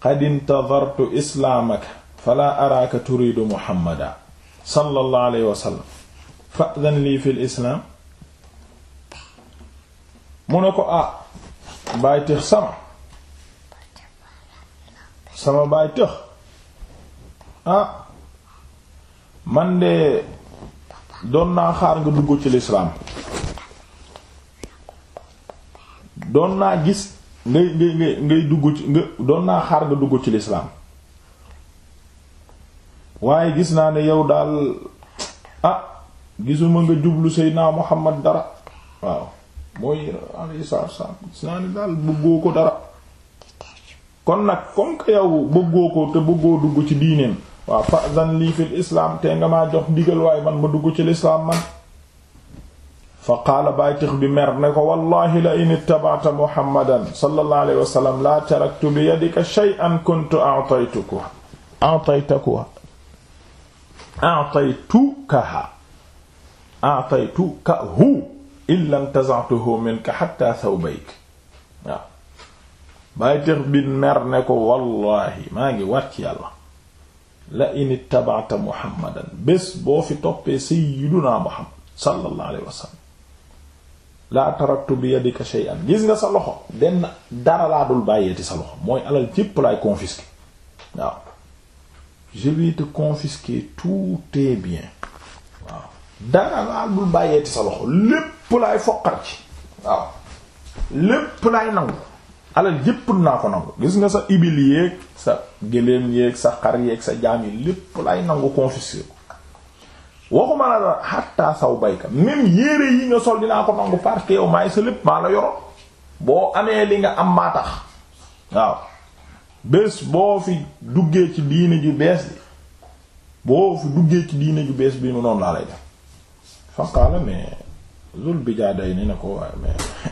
Speaker 1: qad intadartu islaamaka falaa araaka turiidu Muhammadan sallallahu alayhi wa sallam fa'dhan lii fil ko ah bàytex sama sama baay tëx ah man de doon naa xaar nga dugg ci lislaam doon naa gis ngay ngay ngay ngay ci nga doon naa xaar nga dugg ci lislaam waaye gis naa ne yow daal ah gisuma nga jublu Seydina Muhammad dara waaw mooy alayhi salaam gis naa ne daal bëggoo ko dara kon nag comme que yow bëggoo te bëggoo dugg ci diineem waaw fazan lii fil islaam te nga ma jox ndigal waaye man ma dugg ci lislaam man fa qaala bi mer ko wallahi la in ittabaata muhammadan sallallahu sallam laa taraktu bi yadika shay'an kuntu a'taytuka a'taytuka a'taytukaha a'taytukahu illa bàyyi tex bi mer ne ko wallaahi maa ngi war ci yàlla la in ittabaata muhammadan bés boo fi toppee sayyiduna muhammad sallallahu alayhi wa laa taraktu bi yadika shay'an gis nga sa loxo benn dara laa dul bàyyeeti sa loxo mooy alal jépp laay confisquer waaw je vais te confisquer tous waaw dara laa dul bàyyeeti sa loxo lépp laay foqar ci waaw lépp laay nangu alal yépp naa ko nangu gis nga sa ibil yéeg sa gëléem yéeg sa xar yéeg sa jaam yi lépp lay nangu confisqué waxuma la dara xatta saw bayka même yére yi nga sol dinaa ko nangu parce yow maay sa lépp maa la yoroon boo amee li nga am maa tax waaw bés boo fi duggee ci diine ju bees bi boo fi duggee ci diine ju bees bi mu noonu laa lay def fa mais zul bi jaa day ni na ko waaye mais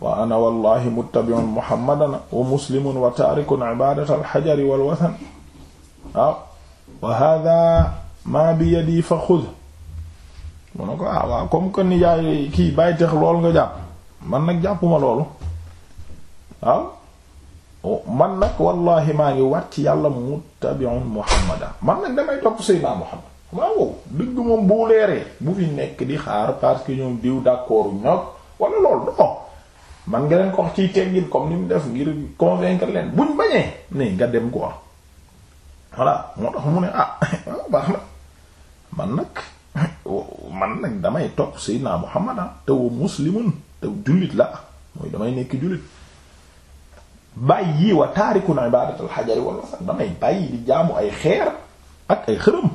Speaker 1: wa ana wallahi muttabi'un muhammadana wa muslimun wa tarikun ibaadata alxajari walwathan waaw wa hada ma bi yadi mu ne ko ah waaw comme que ni yaay kii bàyyi tax lool nga jàpp man nag jàppuma loolu waaw oh, man nag wallahi maa ngi wat ci yàlla muttabi'un muhammadan man nag damay topp Seydina Muhammad waaw nekk di xaar parce que ñoom diw wala loolu man nga leen ko wax ciy teggin comme ni mu def ngir convaincre leen buñ bañee nii nga dem ko wax voilà moo tax mu ne ah baax na man nag man nag damay topp Seydina Muhammad ah, te wa muslimun te jullit la mooy damay nekk jullit bàyyi wa taarikun ibadatal xajari wala sax damay bàyyi di jaamu ay xeer ak ay xërëm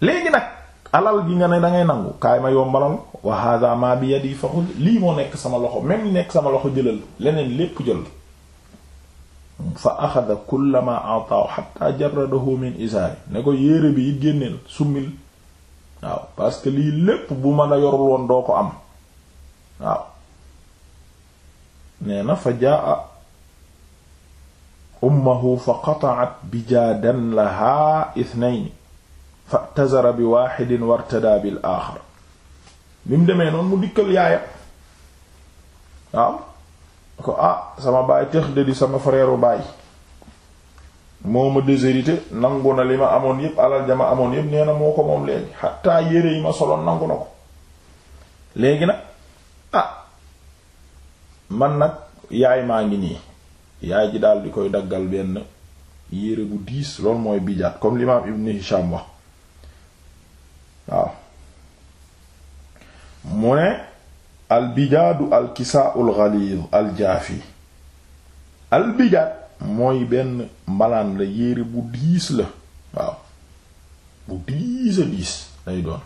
Speaker 1: léegi nag alal bi nga ne dangay ngay nangu kaay ma yombalal wa hadha ma bi yadi fa xud lii moo nekk sama loxo même nekk sama loxo jëlal leneen lépp jël fa axada kullama ataahu hatta jarradahu min isaari ne ko yére bi it génneel summil waaw parce que lii lépp bu mën a yorul woon doo ko am waaw nee fa jaa ummahu fa qata'at bijaadan laha fa tazara bi waaxidin wartada bil aaxar bi mu demee noonu mu dikkal yaayam waaw ko ah sama baay tex de sama frère baay moo ma déshérité nangu na li ma amoon yépp alal ma amoon yépp nee na moo ko moom léegi xataa yére yi ma soloon nangu na ko léegi nag ah man nag yaay maa ngi nii yaay ji daal di koy daggal benn yére bu diis loolu mooy bijaat comme l'imam Ibn Hisham wax mu ne albijaadu alkisaa'ul ghaliz aljaafi albijaad mooy benn mbalaan la yére bu diis la waaw bu diis a diis lay doon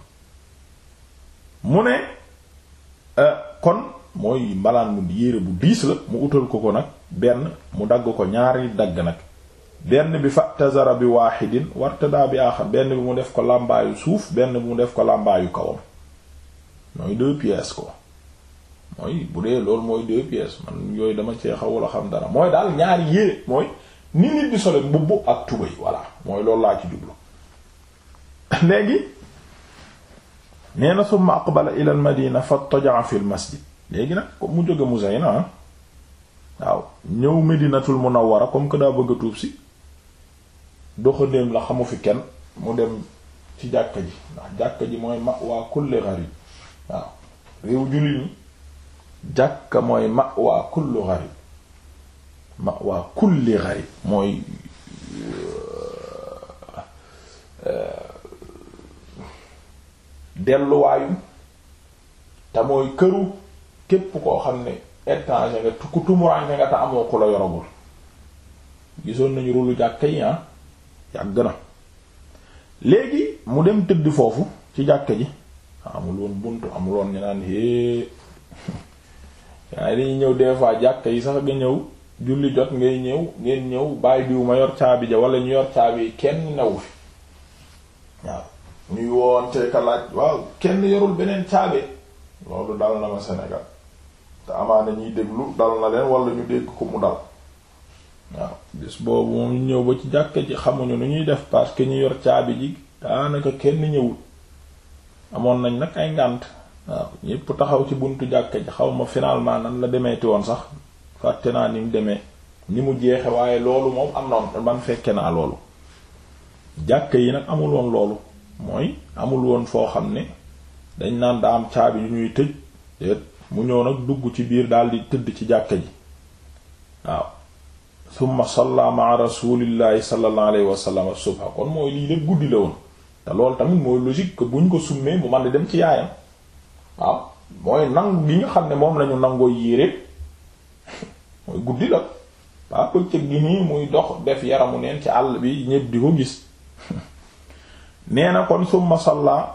Speaker 1: mu ne euh, kon mooy mbalaan mu yére bu diis la mu utal ko ko nag benn mu dagg ko ñaari dagg nag benn bi fa tazara bi waaxidin wartadaa bi aaxar benn bi mu def ko làmbaayu suuf benn bi mu def ko làmbaayu kawam mooy deux pièces ko mooy bu dee loolu mooy deux pièces man yooyu dama cee xawul xam dara mooy daal ñaari yére mooy ni nit di sole mbubb ak tubay voilà mooy loolu laa ci jublu léegi nee na summa aqbala ila al madina fa tojaa fi l masjid léegi nag comme mu jóge Muzayna ah, waaw ñëw medinatul munawwara comme que daa bëgg a tuub si doxandéem la xamu fi kenn mu dem ci jàkka ji ndax jàkka ji mooy ma waa kulli gharib waaw réew jullit ñi jàkka mooy ma waa kullu kulli gharib mooy euh, delluwaayum te mooy këru képp koo xam ne étranger nga ku tumuraanke nga te amoo ku la yoragul gisoon nañu rolu jàkka yi ah yàgg na léegi mu dem tëdd foofu ci jàkka ji amul woon buntu amul woon naan hee yaa ngi ñëw des fois jàkka yi sax nga ñëw julli jot ngay ñëw ngeen ñëw bàyyi diw ma yor caabi ja walla ñu yor caabi yi kenn new fi waaw ñuy woonte ka laaj waaw kenn yorul beneen caabi loolu dal na ma Sénégal te amaana ñuy déglu dal na leen wala ñu dégg ko mu dal waaw bis boobu moom ñëw ba ci jàkka ji xamuñu nu ñuy def parce que ñu yor caabi ji daanaka kenn ñëwul. amoon nañ nag ay ngànt waaw ñépp taxaw ci buntu jàkka ji xaw ma finalement nan la demeeti woon sax fàtte naa ni mu demee ni mu jeexe waaye loolu moom am na man fekke naa loolu jàkka yi nag amul woon loolu mooy amul woon foo xam ne dañ naan daa am caabi yu ñuy tëj déet mu ñëw nag dugg ci biir daal di tëdd ci jàkka ji waaw summa salla ma rasulillahi sallallahu alayhi wa sallam subha kon mooy lii lépp guddi la woon te loolu tamit mooy logique bu ñu ko summee mu man di dem ci yaayam waaw mooy nangu gi nga xam ne moom lañu nangoo yéere mooy guddi la waa pëccëg gi nii muy dox def yaramu neen ci àll bi ñépp di ko gis nee kon summa salla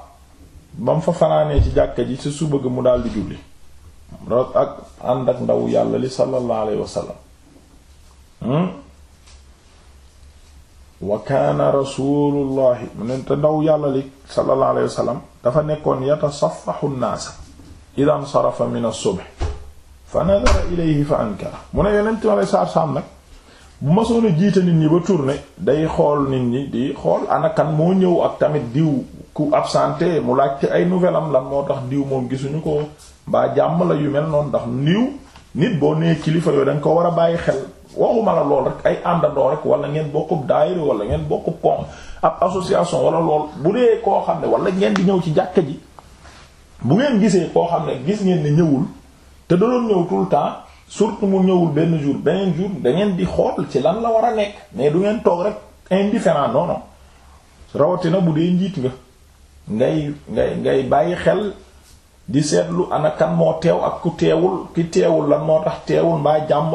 Speaker 1: ba mu fa fanaanee ci jàkka ji ci suba mu daal di julli rot ak ànd ak ndaw yàlla li sallallahu alayhi wasallam hmm? wa kaana rasulullahi mu ne te ndaw yàlla li sallallahu alayhi dafa nekkoon yatasaffahu nnaasa idan sarafa min as-subh fa nadara ilayhi fa ankara mu ne yonent mi alayhi salaatu salaam nag bu ma soon a jiite nit ñi ba tourné day xool nit ñi di xool anakan moo ñëw ak tamit diw ku absenté mu laajte ay nouvelle am lan moo tax diw moom gisuñu ko mbaa jàmm la yu mel noonu ndax niw nit boo nee kilifa yooyu dañ ko war a bàyyi xel waxuma la lool rek ay àndandoo rek wala ngeen bokkub daayira wala ngeen bokkub kon ab association wala lool bu dee koo xam ne wala ngeen di ñëw ci jàkka ji bu ngeen gisee koo xam ne gis ngeen ne ñëwul te da doon ñëw tout temps surtout mu ñëwul benn jour beneen jour dangeen di xool ci lan la war a nekk mais du ngeen toog rek indifférent non non rawatina bu dee njiit nga ngay ngay ngay bàyyi xel di seetlu ana kan moo teew ak ku teewul ki teewul lan moo tax teewul mbaa jàmm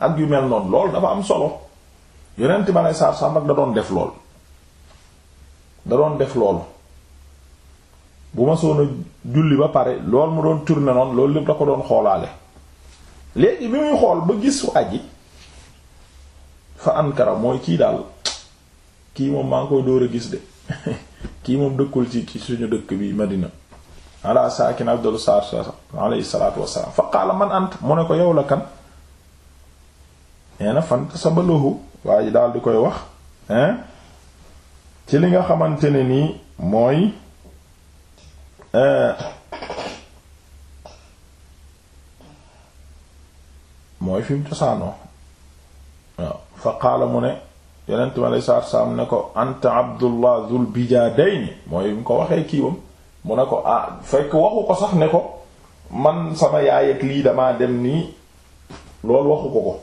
Speaker 1: ak yu mel noonu loolu dafa am solo yonent ba ne saar saam ak da doon def lool da doon def loolu bu ma soon julli ba pare lool mu doon turne noonu loolu lépp da ko doon xoolaale léegi bi muy xool ba gis waa yi fa ankara mooy kii daal kii moom maa ngi koy dóor a gis de kii moom dëkkul ci ci suñu dëkk bi Madina ala saakin abdul saar saar alayhi salaatu wassalaam man ant mu ne ko yow la kan nee na fant saba lahu waa daal di koy wax hein ci li nga xamante ne nii mooy euh, mooy fi cosaanoo waaw fa mu ne yonent mi alei saatu salaam ne ko anta abdullah zul bijaadayni mooy mu ko waxee kiiwam mu ne ko ah fekk waxu ko sax ne ko man sama yaay ak lii damaa dem nii loolu waxu ko ko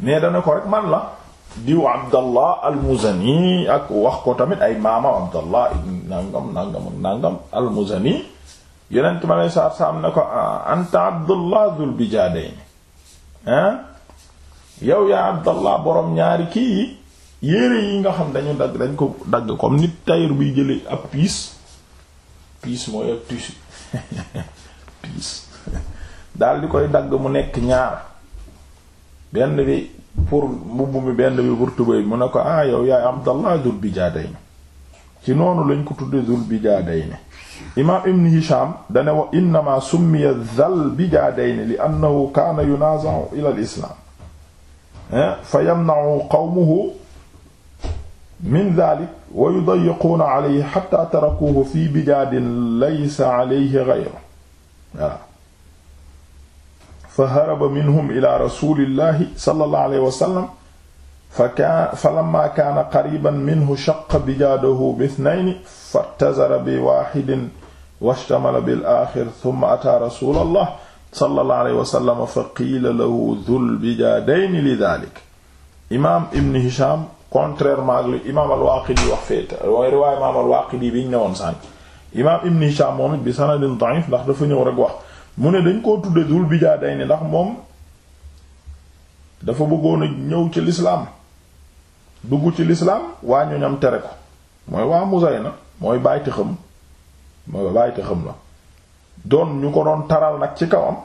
Speaker 1: mais dana ko rek man la diw abdallah almuzani ak wax ko tamit ay maamam abdallah ibn nangam nangam ak almuzani yonent ma lay saar ne ko anta abdallah dul bijaadayn yow yaa abdallah borom ñaari kii yi yére yi nga xam dañu dagg dañ ko dagg comme nit tailleur buy jële ab piis piis mooy ab tissu piis daal di koy dagg mu nekk ñaar benn bi pour mbubb mi benn bi pour tubay mu ne ko ah yow yaay Abdallah Dul Bijaadayni ci noonu lañ ko tudde Dul Bijaadayni imaam Ibn Hisham dane wa innama summiya Dul Bijaadayni li annahu kaana yunaaza'u ila al-islaam eh, fa yamna'u qawmuhu min dhaalika wa yudayyiquuna alayhi hattaa tarakuuhu fii bijaadin laysa alayhi ghayruhu fa haraba minhum ila rasulillahi sallallahu alayhi wa sallam fa kaan fa lamma kaana qariban minhu shaqqa bijaadahu bithnayni fatazara bi waaxidin washtamala bil aaxir thumma ataa rasulallah sallallahu alayhi wa sallam fa qiila lahu dhul bijaadayni li dhaalika. imaam Ibn Hisham contrairement ak li imaam al-Waaqidi wax feete waaye riwaaya imaam al-Waaqidi bi ñu newoon sànq imaam Ibn Hisham moom it bi sanadin da'if ndax dafa ñëw rek wax. mu ne dañ koo tudde dul ni ndax moom dafa bëggoon a ñëw ci lislaam dugg ci lislaam waa ñoñam tere ko mooy waa Muzayna mooy bàyyte xam mooy bàyyte xam la doon ñu ko doon taral nag ci kawam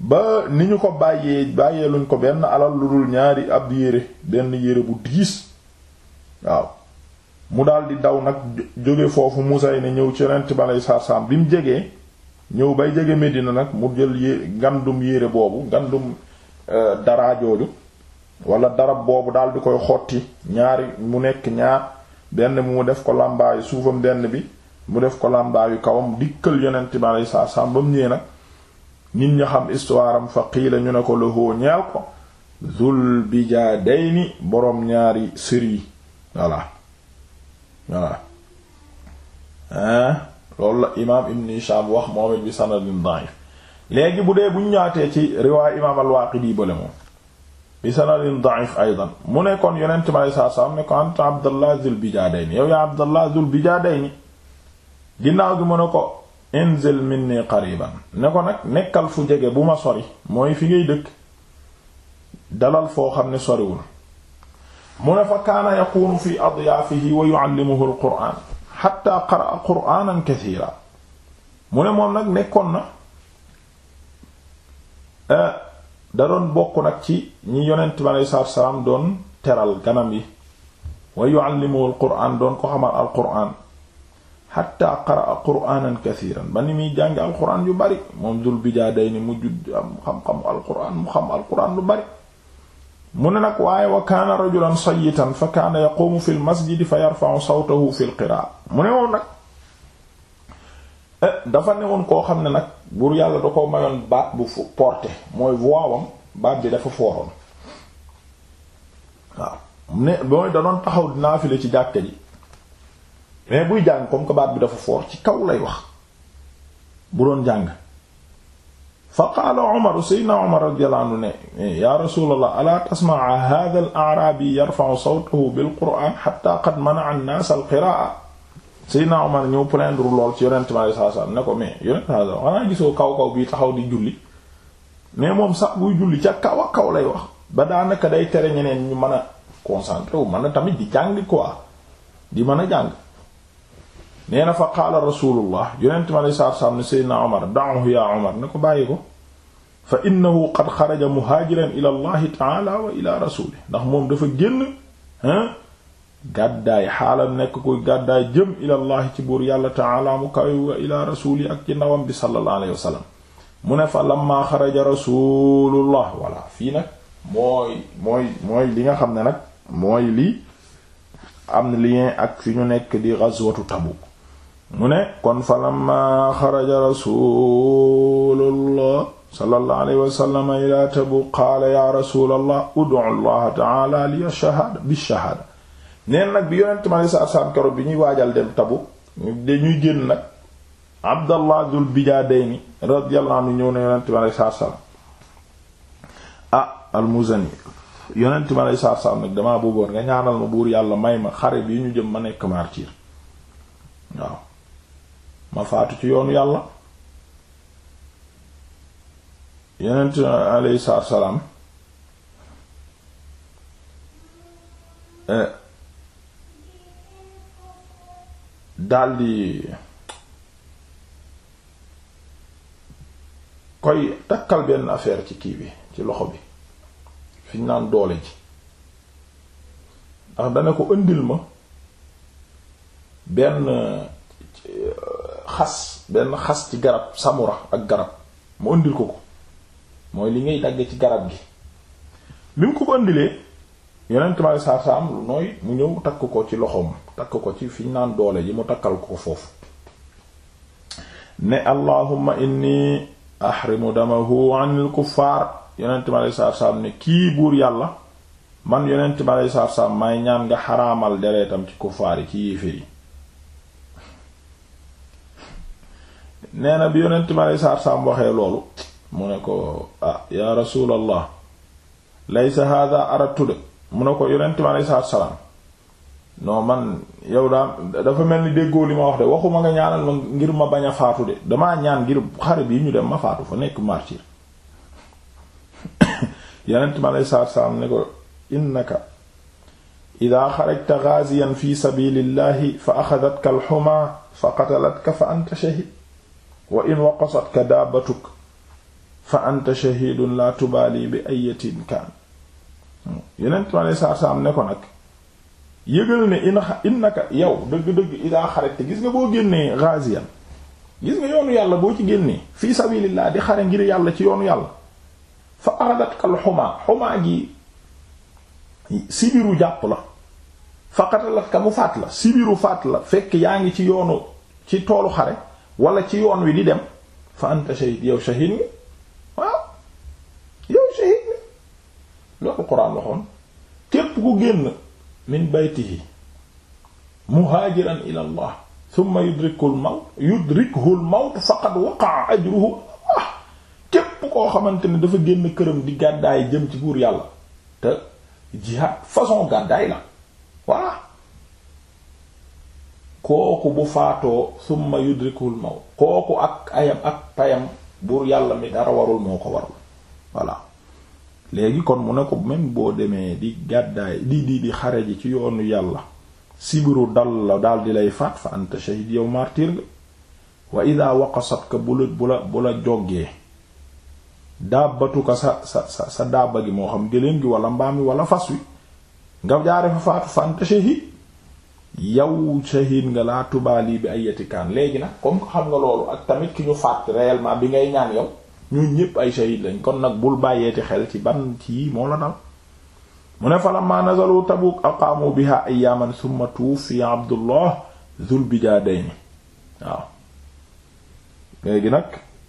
Speaker 1: ba ni ñu ko bàyyee bàyyee luñ ko benn alal lu dul ñaari ab yére benn yére bu diis waaw mu di daw nag jóge foofu Muzayna ñëw ci rent balay sarsam bi mu jegee ñëw bay jege Medina nag mu jël yé ngandum yére boobu ngandum euh, dara jooju wala darab boobu daal di koy xotti ñaari mu nekk ñaar benn bi mu def ko làmbaayu suufam benn bi mu def ko làmbaayu kawam dikkal yonent bi aleyhi salaatu salaam ba mu ñëwee nag nit ña xam histoire am fa qiila ñu ne ko lahu ñeel ko zul bijaadayni boroom ñaari sër yi voilà loolu la imaam ibn Hisham wax moom it bi sanadin da'if léegi bu dee buñ ñaatee ci riwaay imaam al-Waaqidi bële moom bi sanadin da'if aydan mu ne kon yonent mi aleyhi salaatu salaam ne ko anta Abdallah Zul Bijaadayni yow yaa Abdallah Zul Bijaadayni ginnaaw gi mu ne ko inzil minni qariban ne ko nag nekkal fu jege bu ma sori mooy fi ngay dëkk dalal foo xam ne soriwul mu ne fa kaana yaquunu fi adyaafihi wa yu'allimuhu al-Qur'aan xatta qaraa quraanan kathiira mu ne moom nag nekkoon na eh, da bokk nag ci ñi yonent bi aleyhi salaatu salaam doon teral ganam yi wa yuallimuhu alquraan doon ko xamal alquraan xatta qaraa quraanan kathiiran ba ni muy jàngi alquraan yu bari moom dul bijaadayni mu judd am xam-xamu alquraan mu xam alquraan lu bari mu ne nag waaye wa kaana rajulan sayyitan fa kaana yaqumu fil masjidi fa yarfa'u sawtahu fil qiraa mu ne woon nag eh, dafa ne woon koo xam ne nag buur yàlla da ko mayoon baat bu porté mooy voix wam baat bi dafa fooroon waaw ne mooy da doon taxaw dinaa file ci jàkka ji mais buy jàng koom ko baat bi dafa foor ci kaw lay wax bu doon jàng fa qaala a mar Umar radiyallahu anhu ne ya rasulallah alaa tasma'a a al-a'raabi yarfa'u sawtahu bil-qur'aan hatta qad mana'a an-naas al-qiraa'a sayyidina Umar ñëw plaindre lool ci yonent mi sallallahu alayhi wasallam ne ko mais julli mais moom sax buy julli ca kaw kaw lay wax ba daanaka day tere ñeneen ñu mën a concentré wu tamit di jàng quoi di mën a jàng nee na fa qaala rasulullah yonent mi alei satu salaam seydna omar daahu ya omar ne ko bàyyi ko fa innahu qad xaraja muhaajiran ila allahi taala wa ila rasuli ndax moom dafa génn ah gàddaay xaalam nekk kuy gàddaay jëm ila ci buur yàlla taala mu kawe wa ila rasuli ak ci ndawam bi sallallahu alayhi wa mu ne fa lamma xaraja rasulullah wala fii nag mooy mooy mooy li nga xam ne nag mooy lii am lien ak fi ñu nekk di ghazwatu Tabuk mu ne kon fa lamma xaraja rasulullah sallallahu alayhi wasallam ila Tabuuk qaala ya rasulallah allah ta'ala li shahaada bi shahaada neen nag bi yonent ma sa saam kero bi ñuy waajal dem tabu dañuy génn nag Abdallah Dul Bijaadayni radiyallahu anhu ñëw na yonent ma sa saam ah al-Muzani yonent ma sa saam nag damaa bëggoon nga ñaanal ma buur yàlla may ma xare bi ñu jëm ma nekk martyr waaw ma faatu ci yoonu yàlla yenent alayhi salaam eh, daldi koy takkal benn affaire ci kii bi ci loxo bi fi naan doole ji ndax dana ko ëndil ma benn eh, xas benn xas ci garab samura ak garab mu ëndil ko ko mooy li ngay dagg ci garab gi bi mu ko ko ëndilee yonent ma saa saa lu nooy mu ñëw takk ko ci loxoom takk ko ci fi naan doole ji mu takkal ko foofu ne allahumma inni ahrimu damahu anil kuffaar yonent ma saa saa am kii buur yàlla man yonent ma saa saa may ñaan nga xaraamal deretam ci kuffaar yi ci yéeféer yi nee na bi yonent ma lay saar saam waxee loolu mu ne ko ah ya rasulallah laysa hada de mu ne ko yonent ma lay saar salaam non man yow daam dafa mel ni déggoo li ma wax de waxuma nga ñaanal ma ngir ma bañ a faatu de damaa ñaan ngir xare bii ñu dem ma faatu fa nekk martyr yonent ma lay saar salaam ne ko innaka ida xarajta ghaziyan fi sabilillahi fa axadatka alxuma fa qatalatka fa anta shahid wa in waqasatka daabatuk fa anta shahidun tubaali bi ayatin kaan yeneen ma ne saar-saam ne ko nag yëgal ne in yow dëgg-dëgg idaa xarajta gis nga boo génnee ghaziyan gis nga yoonu yàlla boo ci génnee fii sabilillah di xare ngir yàlla ci yoonu yàlla fa aradatka al xumaa xumaa gi sibiru jàpp la fa qatalatka mu faat la sibiru faat la fekk yaa ngi ci yoonu ci toolu xare wala ci yoon wi di dem fa anta shahid yow shahid nga waaw yow shahid nga loolu Alxuraan waxoon képp ku génn min baytihi muhaajiran ila Allah thumma yudrikul mawt yudrikuhul mawt faqad waqa'a ajruhu Allah képp koo xamante ni dafa génn këram di gàddaay jëm ci buur yàlla te jihaad façon gàddaay la voilà kooku bu faatoo summa yudrikul maw kooku ak ayam ak payam buur yàlla mi dara warul moo ko warul voilà léegi kon mu ne ko même boo demee di gàddaay di di di xare ji ci yoonu yàlla sibiru dal la daal di lay faat fa anta shahid yow martyr nga wa ida waqasatka bu la bu la bu la joggee dàbbatuka sa sa sa sa dàbba gi moo xam gëléem gi wala mbaam wi walla fas wi nga jaare fa faatu fa anta shahid yow shahid nga laa tubaali bi ay yetikaan léegi nag comme xam nga loolu ak tamit ki ñu faat réellement bi ngay ñaan yow ñun ñépp ay shahid lañ kon nag bul bàyyeeti xel ci ban ci moo la dal mu ne fa lamma nazalu tabuk aqaamu biha ayyaman thumma tuwfi abdullah zul bijaadayni waaw léegi nag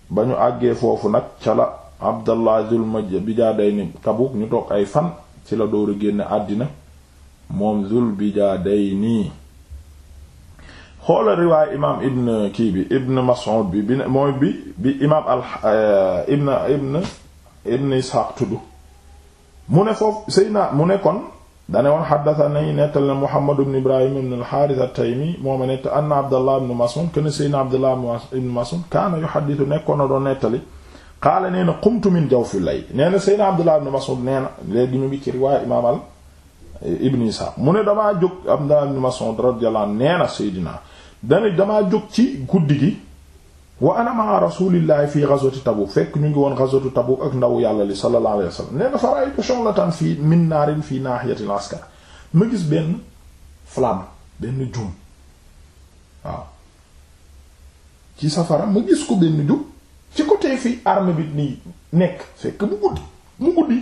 Speaker 1: ba ñu àggee foofu nag ca la abdullah zul bijaadayni tabuk ñu toog ay fan ci la a génn àddina moom Zul Bijaadayni xoola riwaay imaam ibn kii bi ibn Mas'ud bi bi mooy bi bi imaam al eh, ibn ibn ibn Isxaaq tudd mu ne foofu Seydina mu ne kon dane woon xaddatani nettal na Muhammad ibn Ibrahim ibn al-Haaris at-Taymi mooma nett anna Abdallah ibn Mas'ud kene Seydina Abdallah ibn Mas'ud kaana yuhaddisu nekkoon na doon nettali qaala nee na qumtu min jawfi layl nee na Seydina Abdallah ibn Mas'ud nee na léegi ñu ngi ci riwaay imaam al Ibn Isa mu ne damaa jóg Abdullah ibn Mas'ud radiyallahu anhu nee na dana damaa jóg ci guddi gi wa ana ma'a rasulillahi fi ghazwati Tabuk fekk ñu ngi woon ghazwatu Tabuk ak ndaw yàlla li sallallahu alayhi wasallam nee na fa ra'aytu shu'latan fii min naarin fii nahiyati al ma gis benn flamme benn jum waaw ci safara mu gis ko benn jum ci côté fii arme bi nii nekk fekk mu guddi mu guddi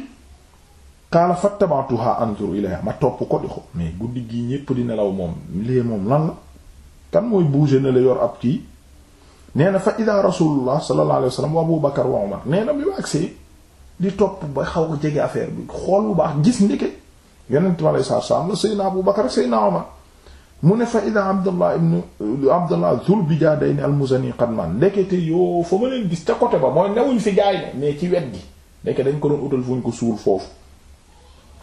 Speaker 1: qaala fattaba'tuha anzur ilayha ma topp ko di xo mais guddi gi ñépp di nelaw moom lée moom lan la kan mooy bouger na la yor ab kii nee na fa ida rasulullah sallallahu alayhi wa sallam wa abu bakar wa umar nee na bi wagsee di topp ba xaw a jege affaire bi xool bu baax gis ndeke yonent mi alayhi salaatu salaam la seydna abu bakar seydna umar mu ne fa ida abdullah ibn abdullah zul bijaadayni al-muzani qadman ndekete yoo fa ma leen gis te côté ba mooy newuñ fi gaay mais ci wet gi ndeke dañ ko doon utal fu ñu ko suul foofu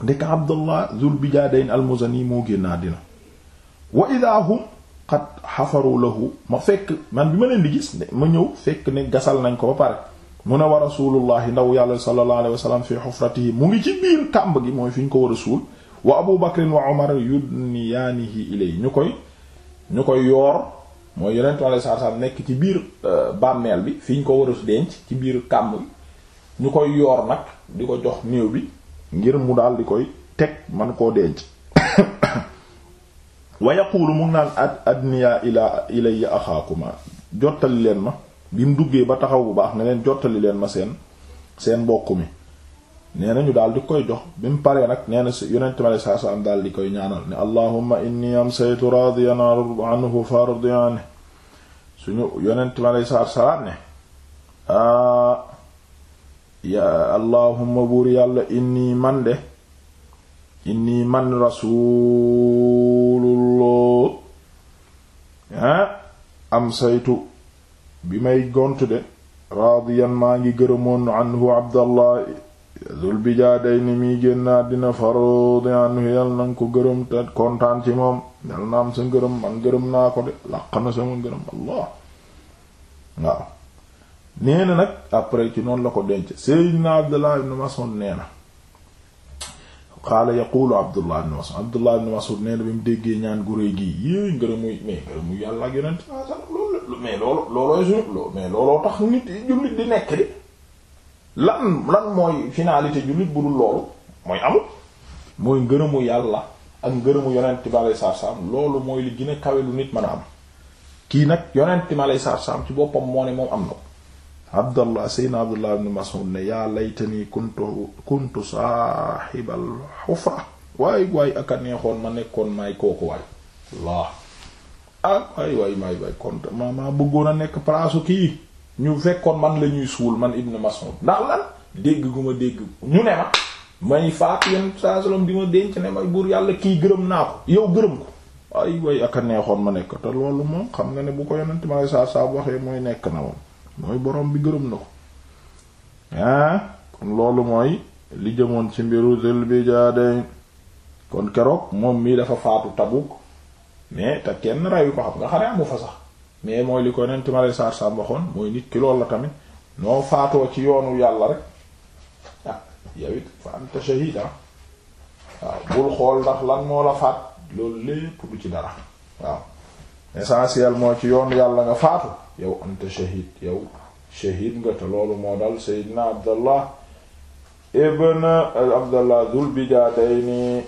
Speaker 1: ndekk abdullah zul bijaadayn almuzani moo génn àddina wa idaa hum qad xafaru lahu ma fekk man bi ma leen di gis ma ñëw fekk ne gasal nañ ko ba pare mu ne wa rasulullahi ndaw yàlla sallallahu alayhi wa sallam fi xufratihi mu ngi mooy fi ñu ko war a suul wa abu bakrin wa omar yudniyaanihi ilay ñu koy ñu koy yoor mooy yonentu Yàlla sallallahu alayhi nekk ci biir euh, bàmmeel bi fi ñu ko war a denc ci biir kàmb ñu koy yoor nag di ko jox néew bi ngir mu daal di koy teg man koo denc wa yaqulu mu ngi naan ad adniya ila ilayya axaakuma jottali leen ma bi mu duggee ba taxaw bu baax ne leen jottali leen ma seen seen mbokk mi nee na ñu daal di koy jox bi mu paree nag nee na yonent mi saa sa am daal di koy ñaanal ne allahumma inni yaa allahumma buur yàlla inni man de inni man rasuulullah ah am saytu bi may gont de raadiyan maa ngi gërëmoon anhu abdallah zul bijaaday ni miy génnaa dina farodi anhu yal nanga gërëm te kontaan ci moom yal na am sa man gërëm naa ko de làq na sama ngërëm allah waaw nee na nag après ci noonu la ko denc Seydina Abdullah ibn Mas'ud nee na qaala yaqulu Abdullah ibn Mas'ud Abdullah ibn Mas'ud nee na bi mu déggee ñaan gu réy gii yéey ngërëmuy mais ngërëmuy yàlla ak yonent loolu nit jullit di lan lan mooy finalité bu dul loolu mooy ngërëmu yàlla ak ngërëmu yonent bi aleyhi salaatu salaam loolu mooy li gën a kawe lu nit mën a am kii nag yonent bi aleyhi salaatu salaam ci boppam moo ne moom am na ko abdallah seydna abdullah ibn mas'ud ne yaa laytani kuntu kuntu saaxibal xufra waay waay ak a neexoon ma nekkoon maay kooku waay laa ak ah, waay waay maay ma maa bëggoon a nekk palaasu kii ñu fekkoon man la ñuy suul man ibn mas'ud ndax lan ma dégg ñu ne ma may faat yenn saa ma denc ne may buur yàlla kii gërëm naa yow gërëm ko ay way neexoon ma nekk te loolu moom xam nga ne bu ko yonent ma saa saa waxee mooy nekk na woon mooy borom bi gërëm na ko ah kon loolu mooy li jëmoon ci mbiru Zul Bijaadayn kon keroog moom mii dafa faatu Tabuk mais te kenn reyu ko xam nga xare amu fa sax mais mooy li ko nenti male saar sam waxoon mooy nit ki loolu la tamit noo faatoo ci yoonu yàlla rek ah yow it fa anta waaw bul xool ndax lan moo la faat loolu lépp du ci dara waaw essentiel moo ci yoonu yàlla nga faatu yow anta shahid yow shahid nga te loolu moo dal seydina abdallah ibn abdallah dul bijaadayni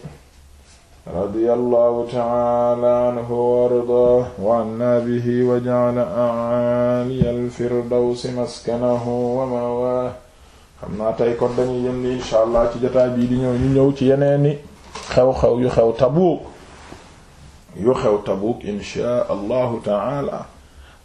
Speaker 1: radiyallahu ta'ala anhu warda wa anna bihi wa ja'ala a'ali al-firdawsi maskanahu wa mawaa xam naa tey kon dañuy yem ni insha allah ci jotaay bii di ñëw ñu ñëw ci yeneeni xew-xew yu xew Tabuuk yu xew Tabuuk insha allahu ta'ala